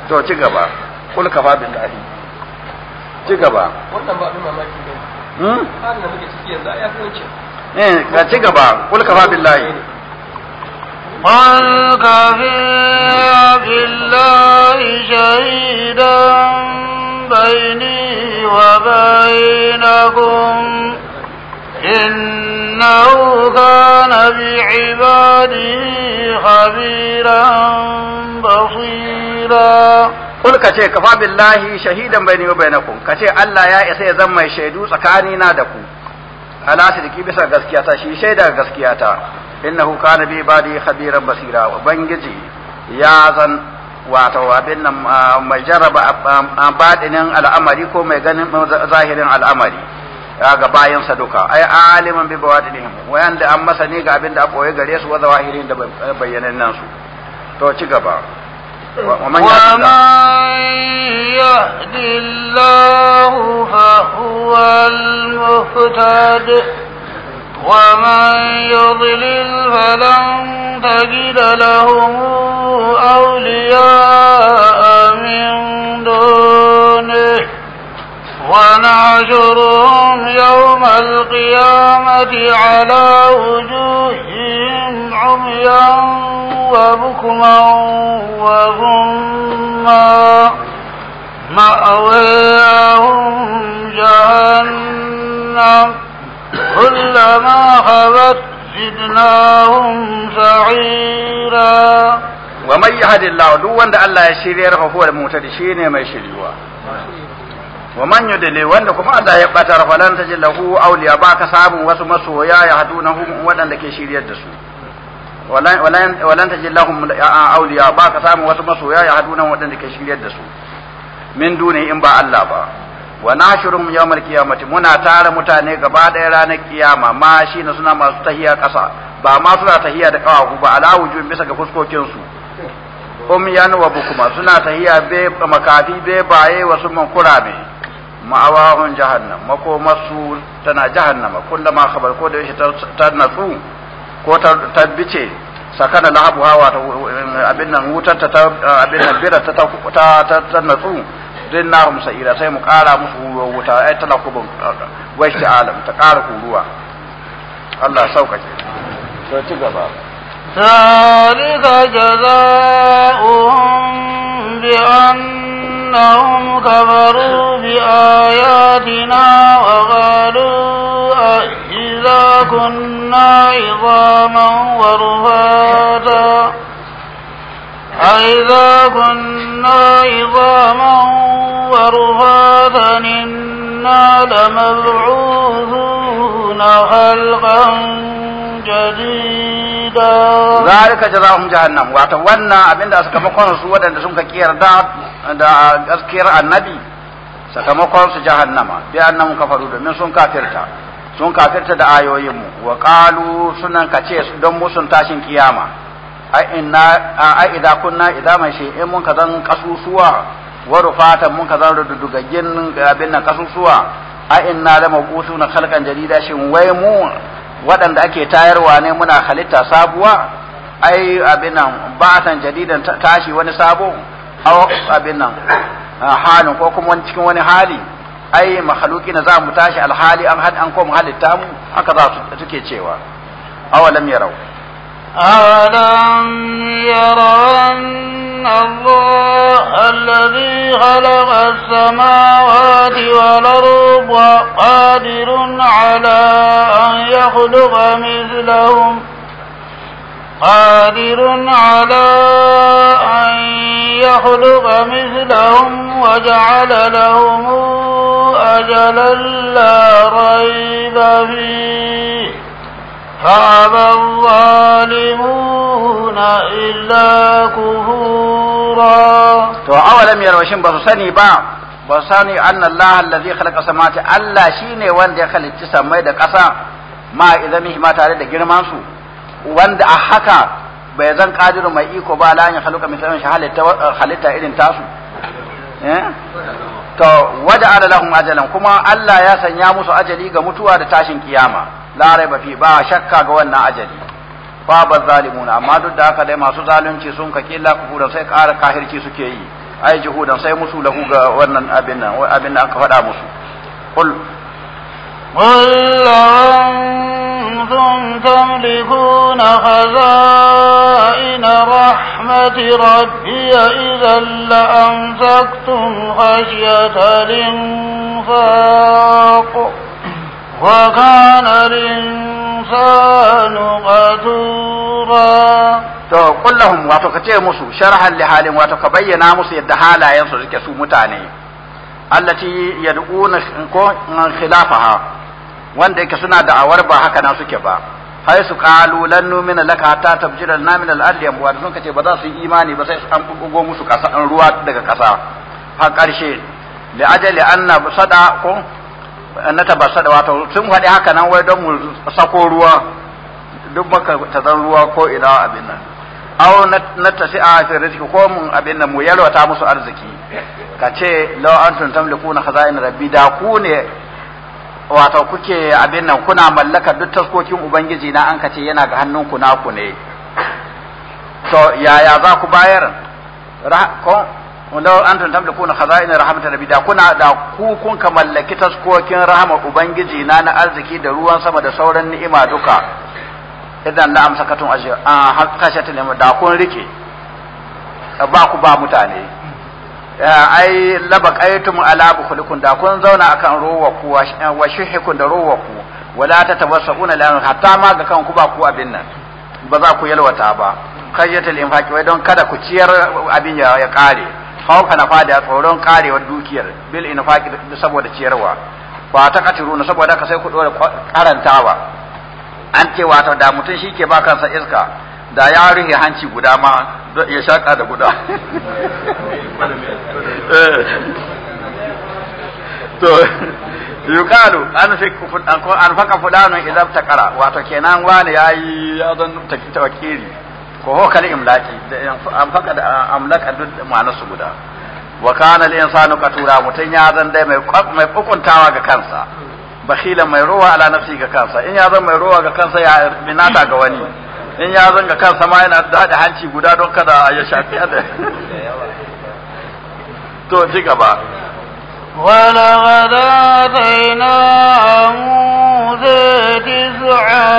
[SPEAKER 2] to ci gaba kul kafa dadi ci gaba
[SPEAKER 3] wannan ba mamaki ne Hmm? Eh, ga
[SPEAKER 2] ci
[SPEAKER 1] shahidan baini wa bainakum innahu kana bi ibadi
[SPEAKER 2] khabiran zo kul ka ce kafa billahi shahidan bayni wa bainakum ka ce Allah ya isa ya zama mai shaidu tsakani na da ku ala sidiki bisa gaskiya ta shi shaida gaskiya ta innahu kana bi badi khabiran basira bangiji ya zan wato abin nan mai jaraba badinin al'amari ko mai ganin zahirin al'amari ga bayansa duka ai aliman bi bawadinihim wayanda an masa ne ga abin da a boye gare su wa zawahirin da bayyanan su to ci gaba ومن
[SPEAKER 1] يهد الله فهو المهتد ومن يضلل فلن تجد لهم أولياء من دونه ونعشرهم يوم القيامة على وجوههم عميا وبكما وغما مأويهم جهنم
[SPEAKER 2] كلما خبت زدناهم سعيرا ومن يهد الله دو وند الله يشير فهو المهتدي شيني ما يشيروا ومن يدلي وند كما الله يبتر فلن تجد له أولياء باك صاب وسمسوا يا يهدونهم ودن لك يشير يدسوا walan tajid lahum awliya ba ka samu wasu masoya ya hadu nan waɗanda ke shiryar da su min duni in ba Allah ba wa nashurum yawmal qiyamati muna tara mutane gaba ɗaya ranar kiyama ma shi ne suna masu tahiya ƙasa ba ma suna tahiya da kawaku ba ala wuju bisa ga fuskokin su umyan wa bukuma suna tahiya be makafi be baye wasu mankurame ma'awahun jahannam makomarsu tana jahannama kullama khabar ko da yake ta natsu ko ta bice sakana na abu hawa abin nan wutar ta abin nan bira ta ta ta natsu din na musa ira sai mu kara musu ruwa wuta ai tana kubun washi alam ta kara kuruwa Allah saukake to ci gaba
[SPEAKER 1] ذلك جزاؤهم بأنهم كفروا بآياتنا وقالوا أئذا كنا كنا عظاما ورهادا أئذا كنا عظاما ورهادا إنا لمبعوثون خلقا جديدا ذلك
[SPEAKER 2] جزاهم جهنم واتوانا أبين دا سكمكون سودا دا سنك كير دا دا أذكير النبي sakamakon su jahannama bi annahum kafaru domin sun kafirta sun kafirta da ayoyinmu wa qalu sunan kace don musun tashin kiyama ai inna ai idan kunna idza man in mun kazan kasusuwa wa rufatan mun kazan rudugaggin abin nan kasusuwa ai inna la na khalqan jadida shin wai mu waɗanda ake tayarwa ne muna halitta sabuwa ai abin nan ba'atan jadidan tashi wani sabo aw abin nan halin ko kuma cikin wani hali ai mahaluki na za mu tashi alhali an had an koma halitta mu haka za su suke cewa awalam yarau
[SPEAKER 1] awalam yarau الله الذي خلق السماوات والأرض قادر على أن يخلق مثلهم قادر على أن يخلق مثلهم وجعل لهم أجلا لا ريب فيه فأبى الظالمون
[SPEAKER 2] إلا كفورا تو أولم يروشن بسسني با بساني أن الله الذي خلق السماوات الله شيني وان دي خلق تسمي دا قصا ما إذا مه ما تعالى دا جرمانسو وان دا أحكا bai zan kadiru mai iko ba la ya haluka misalin shi halitta irin tasu Eh? to ala lahum ajalan kuma Allah ya sanya musu ajali ga mutuwa da tashin kiyama la raiba fi ba shakka ga wannan ajali fa ba zalimuna amma duk da haka dai masu zalunci sun ka killa kufuran sai ƙara kahirci suke yi ai jihudan sai musu lahu ga wannan abin nan abin nan aka faɗa musu قل
[SPEAKER 1] أنتم تملكون خزائن رحمة ربي إذا لأمسكتم خشية الإنفاق
[SPEAKER 2] وكان الإنسان
[SPEAKER 1] قدورا
[SPEAKER 2] to kullahum wato ka ce musu sharhan li halin wato ka bayyana musu yadda halayen su suke su mutane allati yad'una ko khilafaha wanda yake suna da'awar ba haka na suke ba hay su qalu lan numina laka hatta tabjira lana min al-ardi abwa sun kace ba za su yi imani ba sai an bugo musu kasa an ruwa daga kasa har karshe li ajali anna sada ko annata ba sada wato sun faɗi haka nan wai don mu sako ruwa duk maka ta zan ruwa ko ina abin nan aw na a fi rizqi ko mun abin nan mu yalwata musu arziki kace law antum tamlikuna khaza'in rabbi da ku ne wato kuke abin nan kuna mallaka duk taskokin ubangiji na an kace yana ga hannunku naku ne to yaya za ku bayar ko wanda an da kuna khazainar rahmatar da kuna da ku kun ka mallaki taskokin rahama ubangiji na na arziki da ruwan sama da sauran ni'ima duka idan na amsa katun ajr a hakashatul da kun rike ba ku ba mutane Eh, ai labaqaitum ala bukhlikum da kun zauna akan ku wa shuhikum da ruwaku wala tatawassuna lan hatta ma ga kanku ba ku abin nan ba za ku yalwata ba khayyatul infaq wai don kada ku ciyar abin ya kare hauka na fada tsoron karewar dukiyar bil infaq saboda ciyarwa fa ta na saboda ka sai ku dora karantawa an ce wato da mutun shike ba kansa iska da ya rufe hanci guda ma ya shaƙa da guda eh. to yuqalu an fiku fudan ko an faka fudanun idan taqara wato kenan wani yayi ya zan tawakkiri ko ho kal imlaki an faka da amlaka duk ma'ana su guda wa kana al insanu qatura mutun ya zan dai mai mai hukuntawa ga kansa bakhila mai ruwa ala nafsi ga kansa in ya zan mai ruwa ga kansa ya minata ga wani in ya zanga kan sama yana daɗa hanci guda don kada a ya shafi yadda to ji gaba
[SPEAKER 1] wala gada zaina amuze tisu'a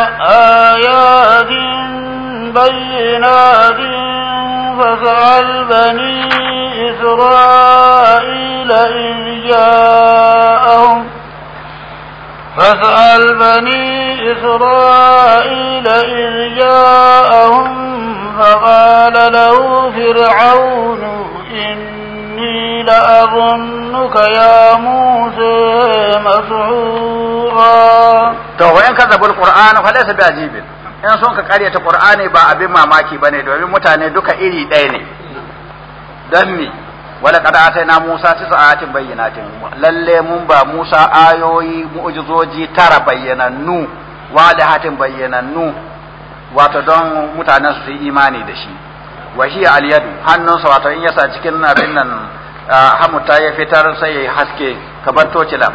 [SPEAKER 1] ayatin bayyanatin fasal bani isra'ila in ja'ahum fasal bani إسرائيل إذ جاءهم فقال له فرعون إني لأظنك يا موسى مسعورا
[SPEAKER 2] to wayan kazzabul qur'an fa laysa bi'ajibin in sun ka karyata qur'ani ba abin mamaki bane domin mutane duka iri daya ne dan ni wala kada ataina Musa tisa ayatin bayyinatin lalle mun ba Musa ayoyi mu'jizoji tara bayyanannu wadahatin bayyanannu wato don mutanen su yi imani da shi wa hiya al hannunsa wato in yasa cikin abin nan hamuta ya fitar sai ya haske kamar tocila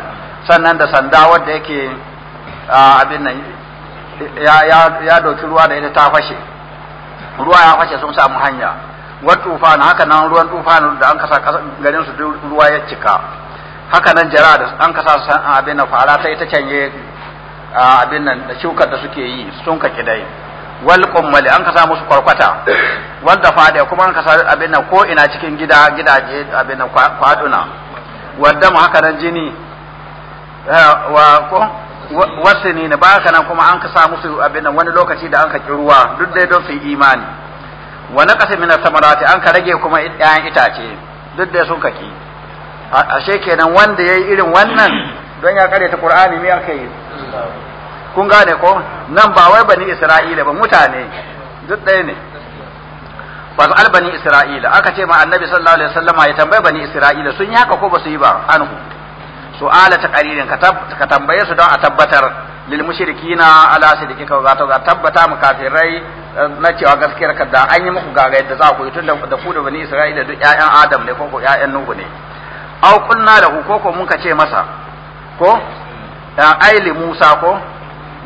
[SPEAKER 2] sannan da sanda wanda yake abin nan ya doki ruwa da ita ta fashe ruwa ya fashe sun samu hanya wat tufan haka nan ruwan tufan da an kasa garin su ruwa ya cika haka nan jara da an kasa abin nan fara ta ita canye abin nan da shukar da suke yi sun ka kidai wal qummali an ka sa musu kwarkwata wanda da kuma an ka sa abin nan ko ina cikin gida gidaje abin nan kwaduna wadda mu haka nan jini eh, wa ko wasu ne ba haka nan kuma an ka sa musu abin nan wani lokaci da an ka ki ruwa duk dai don su yi imani wa naqasa min samarati an ka rage kuma 'ya'yan itace duk dai sun ka ki ashe kenan wanda yayi irin wannan don ya kare ta qur'ani me aka yi kun gane ko nan ba wai bani isra'ila ba mutane duk ɗaya ne al bani isra'ila aka ce ma annabi sallallahu alaihi wasallama ya tambaye bani isra'ila sun yi haka ko ba su yi ba anhu ala ta qaririn ka tambaye su don a tabbatar lil mushrikina ala sidqika ga to ga tabbata mu kafirai eh, na cewa gaskiyar ka da an yi muku gaga yadda za ku yi tun da ku da bani isra'ila duk ƴaƴan adam ne ko ko ƴaƴan nuhu ne aw kunna lahu ko ko mun ka ce masa ko aili Musa ko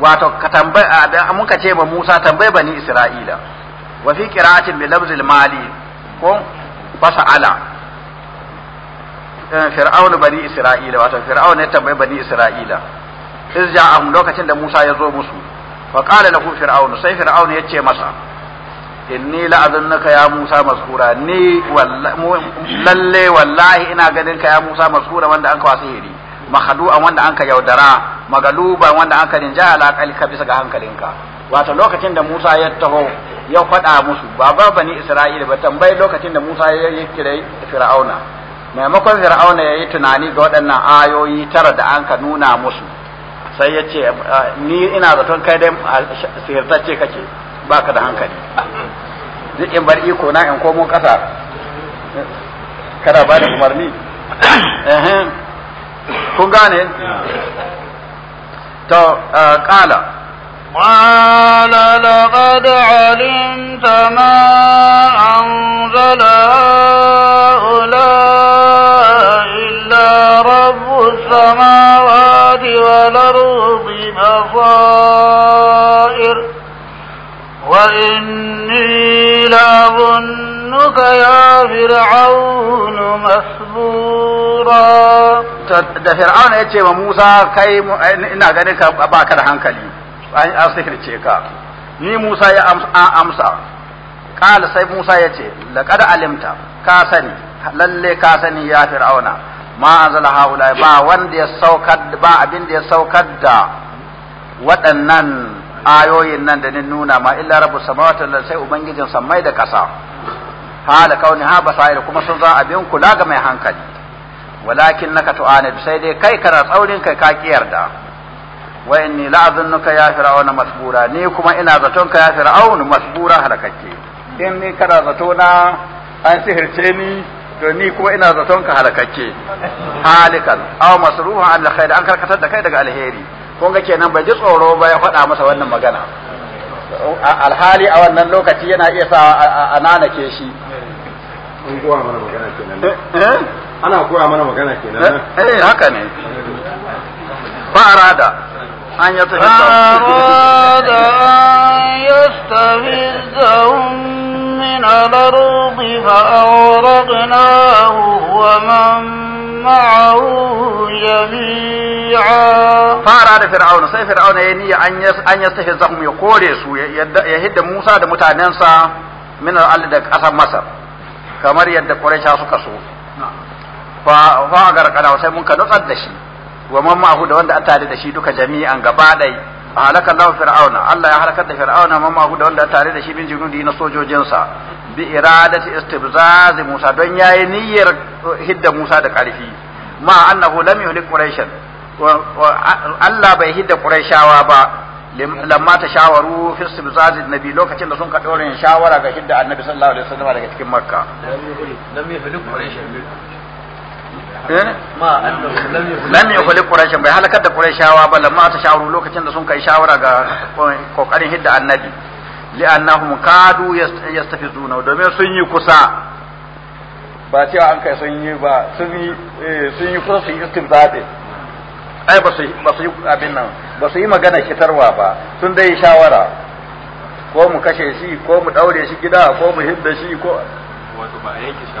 [SPEAKER 2] wato ka tambaye muka ce ba Musa tambaye bani Isra'ila wa fi qira'atin bi lafzil mali ko ala eh, fir'aun bani Isra'ila wato fir'aun ya tambaye bani Isra'ila iz ja'ahum lokacin da Musa ya zo musu fa qala lahu fir'aun sai fir'aun ya ce masa inni la'azunnaka ya Musa maskura ni lalle wallahi ina ganin ka ya Musa maskura wanda an kawo sihiri mahadu'an wanda an ka yaudara magaluban wanda an ka rinja alaƙalika bisa ga hankalinka wato lokacin da Musa ya taho ya faɗa musu ba ba bani Isra'ila ba tambayi lokacin da Musa ya yi kira Fir'auna maimakon Fir'auna ya yi tunani ga waɗannan ayoyi tara da an ka nuna musu sai ya ce ni ina zaton kai dai sihirtacce kake baka da hankali duk in bar iko na in komo ƙasa kada ba da umarni kun قال to uh,
[SPEAKER 1] قال لقد علمت ما أنزل هؤلاء إلا رب السماوات والأرض بصائر وإني لأظنك يا فرعون مسؤولا
[SPEAKER 2] masura da fir'auna ya ce wa Musa kai eh, ina ganin ka ba ka da hankali an sihirce ka ni Musa ya amsa qala sai Musa ya ce laqad alimta ka sani lalle ka sani ya fir'auna ma azala haula ba wanda ya saukar ba abin da ya saukar da waɗannan ayoyin nan da ni nuna ma illa rabbus samawati wal sai ubangijin sammai da ƙasa hala kauni ha basair kuma sun za abin kula ga mai hankali walakin naka tu'anid sai dai kai kana tsaunin kai ka ki yarda wa inni la'azunnuka ya fir'auna masbura ni kuma ina zaton ka ya masbura halakakke in ni kana zato na an sihirce ni to ni kuma ina zaton ka halakakke halikan aw masruhan an an karkatar da kai daga alheri Ko ga kenan bai ji tsoro ba ya faɗa masa wannan magana alhali a wannan lokaci yana iya sa a nana kun ana kura
[SPEAKER 3] mana magana kenan eh, eh? eh haka ne ba arada an ya ta
[SPEAKER 1] arada yastabizhum min al-ard fa awraqnahu wa man
[SPEAKER 2] ma'ahu jami'a fara da fir'auna sai fir'auna ya niyya an ya an ya tafi ya kore su ya hidda Musa da mutanen sa min al-ard da ƙasar Masar kamar yadda Quraysh suka so fa fa garkana sai mun ka nutsar da shi wa man ma'ahu da wanda an tare da shi duka jami'an gaba dai halaka Allah fir'auna Allah ya halakar da fir'auna man ma'ahu da wanda an tare da shi bin jinudi na sojojinsa bi iradati istibzaz Musa don yayi niyyar hidda Musa da karfi ma annahu lam yuhlik quraish Allah bai hidda quraishawa ba lamma ta shawaru fi istibzaz annabi lokacin da sun ka dore shawara ga hidda annabi sallallahu alaihi wasallam daga cikin makka
[SPEAKER 3] lam yuhlik quraish Eh? lam
[SPEAKER 2] yukhliq quraishan bai halakar da quraishawa ba lamma ta shawaru lokacin da sun kai shawara ga kokarin hidda annabi annahum kadu yastafizuna domin sun yi kusa ba cewa an kai sun yi ba sun yi eh, sun yi kusa su yi istibdade ai ba su ba su yi abin nan ba su yi magana kitarwa ba sun dai shawara ko mu kashe shi ko mu daure shi gida ko mu hidda shi ko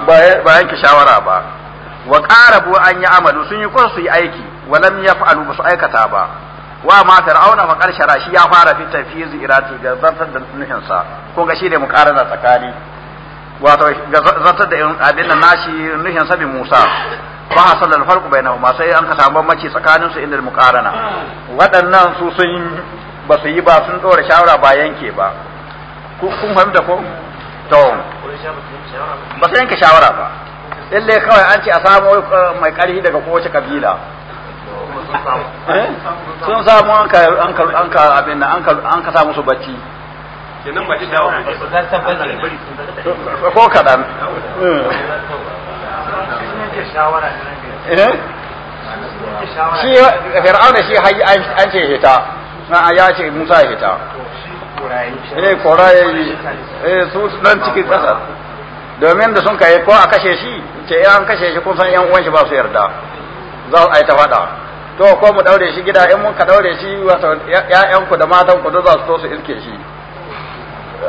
[SPEAKER 3] ba yanke shawara
[SPEAKER 2] ba wa qarabu an yi amalu sun yi kusa su yi aiki wa lam yaf'alu ba su aikata ba wa ma fir'auna fa qarshara shi ya fara fi tafiz irati ga zartar da nuhin sa ko ga shi ne muqarana tsakani wato ga zartar da abin nan nashi nuhin sa bi Musa fa hasal al farq bainahuma sai an ka samu mace tsakanin su inda muqarana waɗannan su sun ba su yi ba sun dora shawara ba yanke ba kun fahimta ko to
[SPEAKER 4] ba sai yanke shawara
[SPEAKER 2] ba lalle kawai an ce a samu eh, mai ƙarfi daga kowace kabila
[SPEAKER 3] eh? sun samu an ka
[SPEAKER 2] an ka abin nan an ka samu su bacci
[SPEAKER 3] kenan ba dawo
[SPEAKER 2] ko kadan eh?
[SPEAKER 4] shi fir'auna shi an
[SPEAKER 2] ce hita na ya ce musa hita
[SPEAKER 4] eh koraye eh
[SPEAKER 2] su nan cikin kasar domin da sun kai ko a kashe shi ce an kashe shi kun san yan uwan shi ba su yarda za a yi ta faɗa to ko mu daure shi gida in mun ka daure shi wato ƴaƴan ku da matan ku za su to su iske shi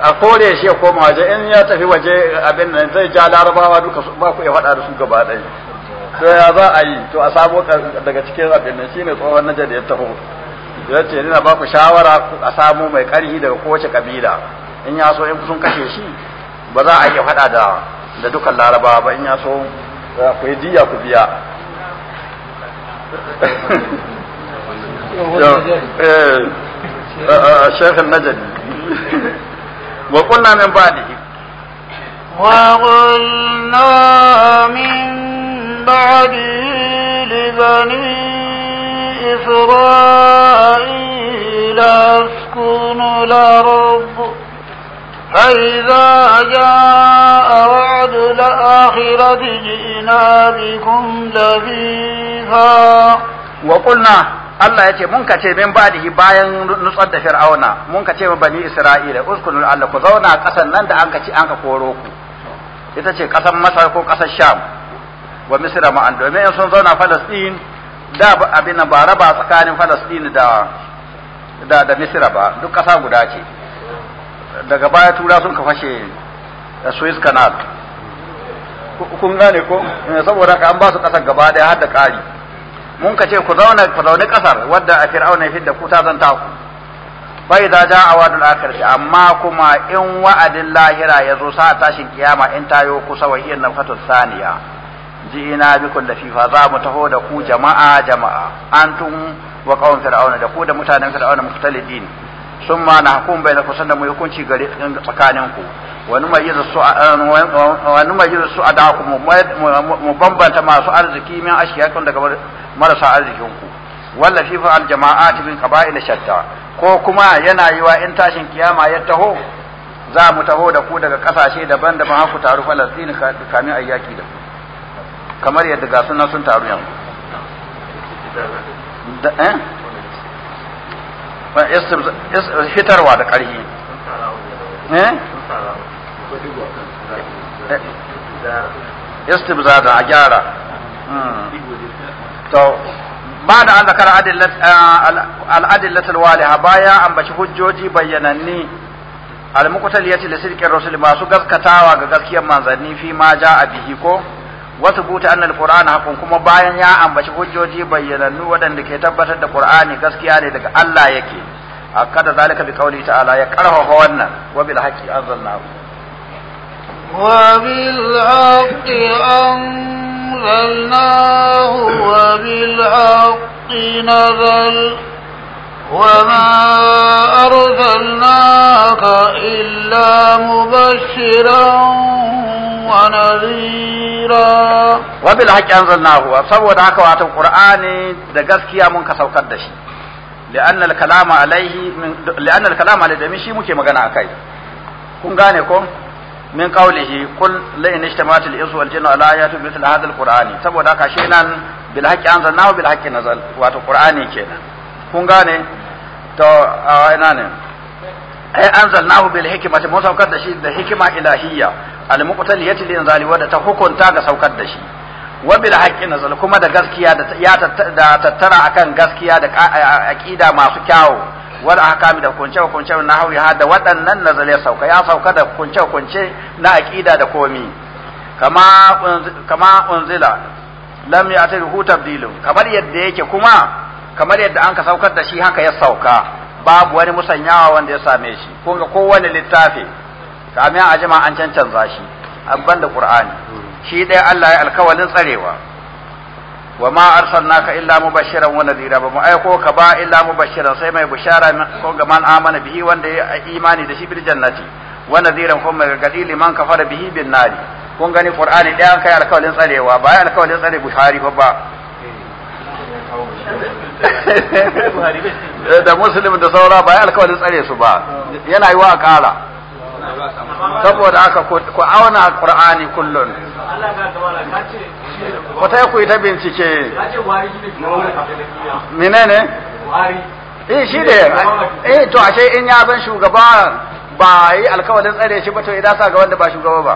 [SPEAKER 2] a kore shi ko waje in ya tafi waje abin nan zai ja larabawa duka ba ku ya faɗa da su gaba ɗaya to ya za a yi to a sabo daga cikin abin nan shine tsohon najar da ya taho ya ce ina ba ku shawara a samu mai ƙarfi daga kowace kabila in ya so in sun kashe shi ba za a iya faɗa da da dukan laraba ba in ya so ku yi diya ku biya eh, Sheikh Najad wa kunna
[SPEAKER 1] min ba'di wa فإذا جاء وعد الآخرة جئنا بكم
[SPEAKER 2] لبيثا وقلنا Allah ya ce mun ka ce min badihi bayan nutsar da Fir'auna mun ka ce bani Isra'ila uskunu Allah ku zauna kasan nan da an ka ci an ka koro ku ita ce kasan Masar ko kasan Sham wa Misra ma domin sun zauna Palestine da abin nan ba raba tsakanin Palestine da da Misra ba duk kasa guda ce daga baya tura sun ka fashe swiss Canal kun gane ko eh, saboda ka an ba su kasar gaba daya har da kari mun ka ce ku zauna ku zauni kasar wadda a fir'auna fidda ku ta zanta ku bai da ja awadul amma kuma in wa'adin lahira ya zo sa tashin kiyama in tayo ku sawayin nafatus saniya ji ina bi kun fifa za mu taho da ku jama'a jama'a antum wa qaum fir'auna da ku da mutanen fir'auna mukhtalidin sun ma na hakun bai na kusan da mu hukunci gare tsakanin ku wani mai da su a daku mu bambanta masu arziki min ashiyakum daga marasa arzikin ku walla fi fa al kaba ila qaba'il shatta ko kuma yana yiwa in tashin kiyama ya taho za mu taho da ku daga kasashe daban-daban haku taru Falastin kamin ayyaki da ku kamar yadda ga sunan sun taru yanzu fitarwa da ƙarfi eh? istibzada a gyara hmm. to ba da an zakar eh, al'adillatul waliha baya ambaci hujjoji bayyananni al-muqtaliyati li sidqir rasul masu gaskatawa ga gaskiyar manzanni fi ma ja'a bihi ko wasu buta annal qur'an hakun kuma bayan ya ambaci hujjoji bayyanannu waɗanda ke tabbatar da qur'ani gaskiya ne daga Allah yake akada zalika bi qauli ta'ala ya karfafa wannan wa bil haqqi anzalnahu
[SPEAKER 1] wa bil haqqi anzalnahu wa bil haqqi nazal وما أرسلناك إلا مبشرا wa ونذيرا
[SPEAKER 2] وبالحق أنزلناه saboda haka wato Qur'ani da gaskiya mun ka saukar da shi لأن الكلام عليه لأن kalama عليه da shi muke magana akai kun gane ko min qawlihi qul la in ijtama'at al-ins wal jinnu ala ayati mithl hadha al-Qur'ani saboda haka shi nan bil haqqi anzalnahu bil haqqi nazal wato Qur'ani kenan kun gane to ina ne ai anzalnahu bil hikmati mun saukar da shi da hikima ilahiyya al muqtaliyati lin zaliwa da ta hukunta ga saukar da shi wa bil haqqi nazal kuma da gaskiya da ya tattara akan gaskiya da aqida masu kyawu wal ahkami da kunce kunce na hawi hada waɗannan nazal ya sauka ya sauka da kunce kunce na aqida da komi kama kama unzila lam ya'tihi tabdilun kamar yadda yake kuma kamar yadda an ka saukar da shi haka ya sauka babu wani musanyawa wanda ya same shi kun ga kowane littafi kamin a jima an cancanza shi ban da qur'ani shi ɗaya Allah ya alkawalin tsarewa wa ma arsalnaka illa mubashiran wa nadira ba mu aiko ka ba illa mubashiran sai mai bushara ko ga man amana bihi wanda ya yi imani da shi bil jannati wa nadiran kuma ga gadili man kafara bihi bin nari kun gani qur'ani dai an kai alkawalin tsarewa ba ya alkawalin tsare buhari ba Eh, da musulmi da saura ba ya alkawarin tsare su ba yana yi wa a kara saboda aka ku auna qur'ani kullun ku ta ku yi ta bincike menene eh shi da eh to ashe in ya zan shugaba ba yi alkawarin tsare shi ba to idan sa ga wanda ba shugaba ba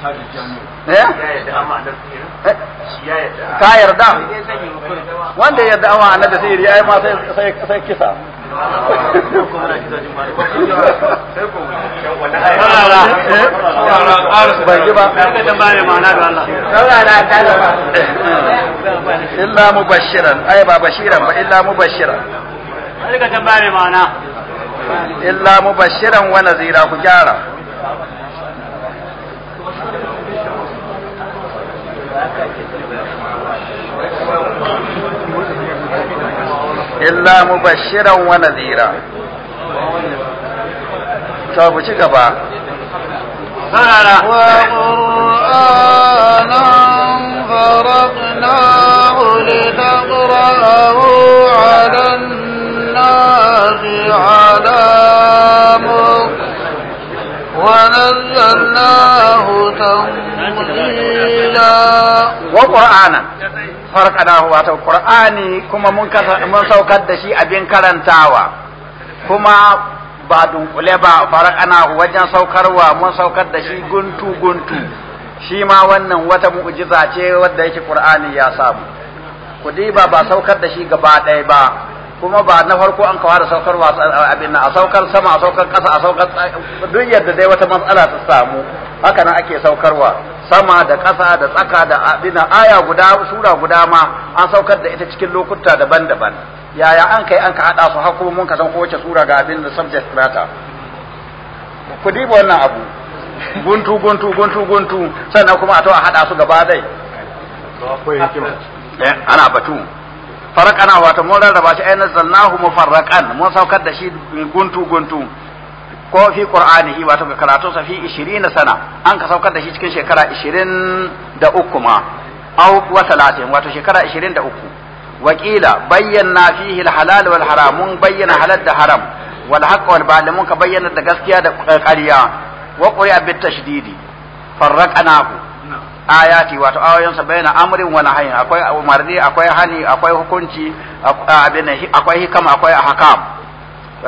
[SPEAKER 3] Eh? Eh? ka yarda wanda yarda an wa'ana da sihiri ai ma sai kisa
[SPEAKER 2] illa mubashiran ai ba bashiran ba illa mu mubashiran illa bashiran wa nazira ku gyara illa mubashiran wa nadhira to mu ci gaba
[SPEAKER 1] sarara wa qur'anan farqnahu litaqra'ahu 'ala an-nasi 'ala
[SPEAKER 2] wa nazzalnahu tanzila injila wa qur'anan farqadahu wato qur'ani kuma mun kasa mun saukar da shi abin karantawa kuma ba dunkule ba farqana wajen saukarwa mun saukar da shi guntu guntu shi ma wannan wata mu'jiza ce wadda yake qur'ani ya samu ba ba saukar da shi gaba ɗaya ba kuma ba na farko an kawo da saukar abin a saukar sama a saukar kasa a saukar duk yadda dai wata matsala ta samu haka nan ake saukarwa sama da kasa da tsaka da abin aya guda sura guda ma an saukar da ita cikin lokuta daban-daban yaya an kai an ka hada su har kuma mun ka san wace sura ga abin da subject nata ku diba wannan abu guntu guntu guntu guntu sannan kuma a to a hada su gaba dai eh, ana batu farakana wato mun rarraba shi ainihin zannahu mu mufarraqan mun saukar da shi guntu guntu ko fi qur'anihi wato ga karatu sa fi 20 sana an ka saukar da shi cikin shekara 23 ma aw wa talatin wato shekara da uku. wakila bayyana fihi alhalal wal haram mun bayyana halal da haram wal haqq wal batil mun ka bayyana da gaskiya da ƙarya wa qur'a bit tashdidi farraqanahu ayati wato ayoyinsa bayyana amrin wa nahyin akwai umarni akwai hani akwai hukunci akwai hikama akwai ahkam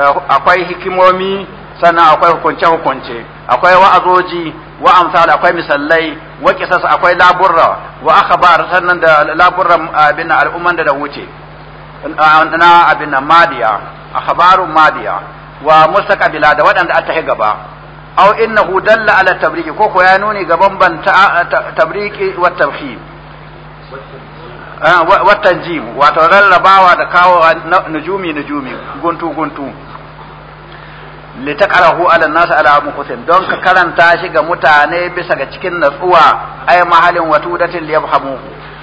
[SPEAKER 2] eh, akwai hikimomi sannan akwai hukunce hukunce akwai wa'azoji wa amsal akwai misallai wa qisas akwai laburra wa akhbar sannan da laburra abin al'umman da da wuce na abin madiya akhbaru madiya wa mustaqbila da wadanda aka gaba aw innahu dalla ala tabriki ko ko ya nuni ga bambanta tabriki wa tafhim ah, wa tanjim wato rarrabawa da kawo nujumi nujumi guntu guntu litaqrahu ala nas ala muqtin don ka karanta shi ga mutane bisa ga cikin natsuwa ay mahalin watudatin liyafhamu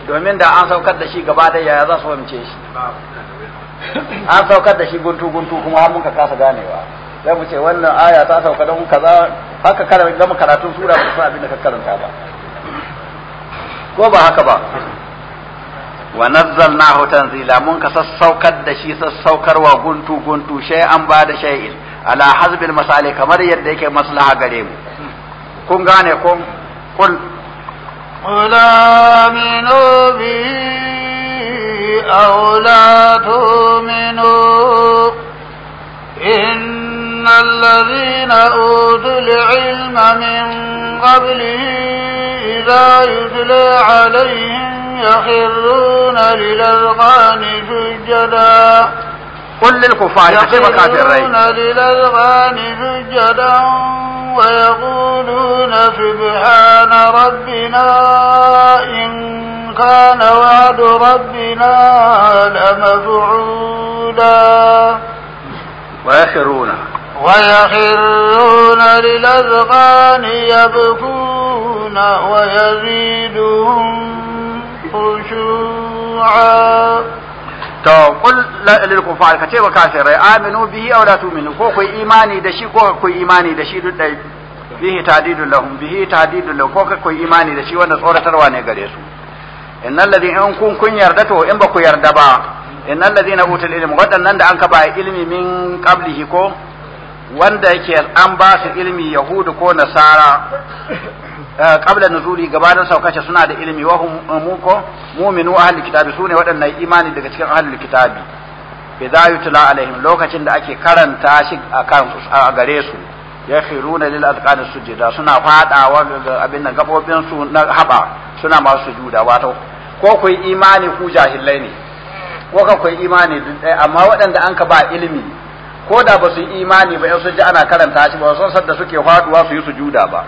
[SPEAKER 2] domin da an saukar da shi gaba da yaya za su fahimce shi an saukar da shi guntu guntu kuma har mun ka kasa ganewa za mu ce wannan aya ta sauka don kaza haka kana gama karatun sura ba san abin da ka karanta ba ko ba haka ba wa nazzalnahu tanzila mun ka sassaukar da shi sassaukarwa guntu guntu an ba da shay'in ala hazbil masali kamar yadda yake maslaha gare mu kun gane kun kun
[SPEAKER 1] قل آمنوا به أو لا تؤمنوا الذين أوتوا العلم من قبله إذا يتلى عليهم يخرون للأذقان سجدا
[SPEAKER 2] قل للكفار يخرون
[SPEAKER 1] للأذقان سجدا ويقولون سبحان ربنا إن كان وعد ربنا لمفعولا
[SPEAKER 3] ويخرون
[SPEAKER 1] ويخرون للأذقان يبكون
[SPEAKER 2] ويزيدهم خشوعا to kul lil kufar kace wa kafirai aminu bihi aw la tu'minu ko ku imani da shi ko kai imani da shi duk dai bihi tadidu lahum bihi tadidu lahum ko kai imani da shi wanda tsoratarwa ne gare su innal ladina in kun kun yarda to in ba ku yarda ba innal ladina utul ilm wadannan da an ka ba ilmi min qablihi ko wanda yake an ba su ilmi yahudu ko nasara kabla eh, nuzuli gabanin saukace suna da ilmi wa hum eh, mu'minu ahlul kitabi sune waɗannan imani daga cikin ahlul kitabi idza yutla alaihim lokacin da ake karanta shi akan a gare su yakhiruna lil azqan sujida suna fadawa ga abin nan gabobin su na haba suna masu sujuda wato ko kai imani ku jahilai ne ko ka kai imani amma waɗanda an ka ba ilmi ko da ba su yi imani ba in sun ji ana karanta shi ba sun san da suke faduwa su yi sujuda ba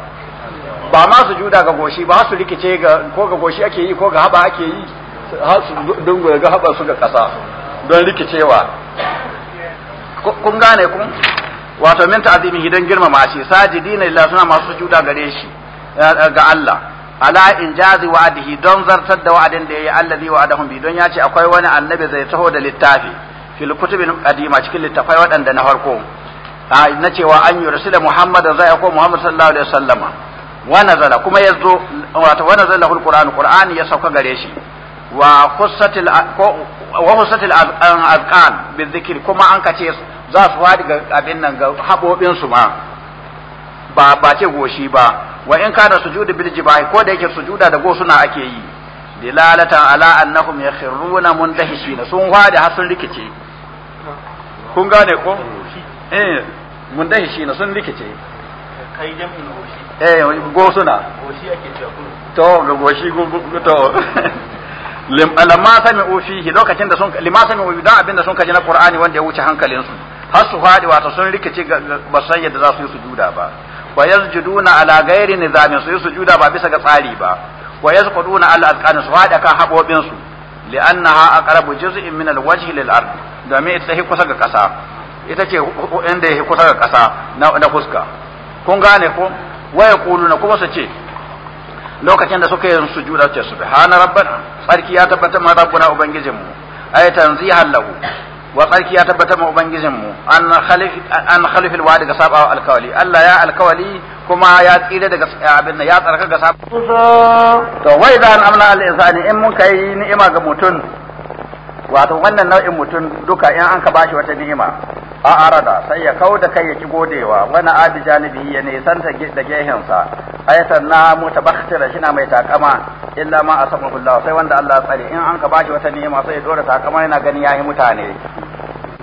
[SPEAKER 2] ba ma sujuda ga goshi ba su rikice ga ko ga goshi ake yi ko ga haba ake yi har su dungura ga haba su ga kasa don rikicewa kun gane kun wato min ta'zimihi dan girmama shi sajidina lillahi suna masu sujuda gare shi eh, eh, ga Allah ala injazi wa'adihi don zartar da wa'adin da yayi allazi wa'adahum bi don yace akwai wani annabi zai taho da littafi fil kutubin qadima cikin littafai waɗanda na farko na cewa an yi rasula muhammad da zai ko muhammad sallallahu alaihi wasallama wa nazala kuma yazo wato wa nazala alquran qur'ani ya sauka gare shi wa khussatil wa khussatil azqan bizikr kuma an kace za su fadi ga abin nan ga habobin su ma ba ba ce goshi ba wa in kana sujudu bil jibahi ko da yake sujuda da gosuna ake yi dilalatan ala annahum yakhruna muntahishina sun fadi har sun rikice kun gane ko eh, eh mun dai shi na sun rikice
[SPEAKER 3] kai jami'in goshi
[SPEAKER 2] eh gosuna
[SPEAKER 3] goshi ake cewa
[SPEAKER 2] to ga goshi to lamma sami'u fihi lokacin da sun lamma sami'u da abin da sun kaji na qur'ani wanda ya wuce hankalin su har su fadi wato sun rikice ba san yadda za su yi sujuda ba wa yasjuduna ala ghairi nizamin su yi sujuda ba bisa ga tsari ba wa yasquduna ala azqan su fada kan habobin su li'annaha aqrabu juz'in min al-wajhi lil-ard domin ita take kusa ga kasa ita ce inda yake kusa ga kasa na fuska kun gane ko wa yaquluna kuma su ce lokacin da suka yi sujuda ce subhana rabbana sarki ya tabbata ma rabbuna ubangijinmu ay tanzihan lahu wa tsarki ya tabbatar ma ubangijinmu an khalifil wa daga saba alkawali Allah ya alkawali kuma ya tsira daga abin da ya tsarka ga saba to wai da an amna al insani in mun kai ni'ima ga mutum wato wannan nau'in mutum duka in an ka bashi wata ni'ima a arada sai ya kau da kai ya ki godewa wani abi janibi ya nisan da gehensa ayatan na mutabakhtira shi na mai takama illa ma asabahu Allah sai wanda Allah tsare in an ka bashi wata ni'ima sai ya dora takama yana gani yayi
[SPEAKER 1] mutane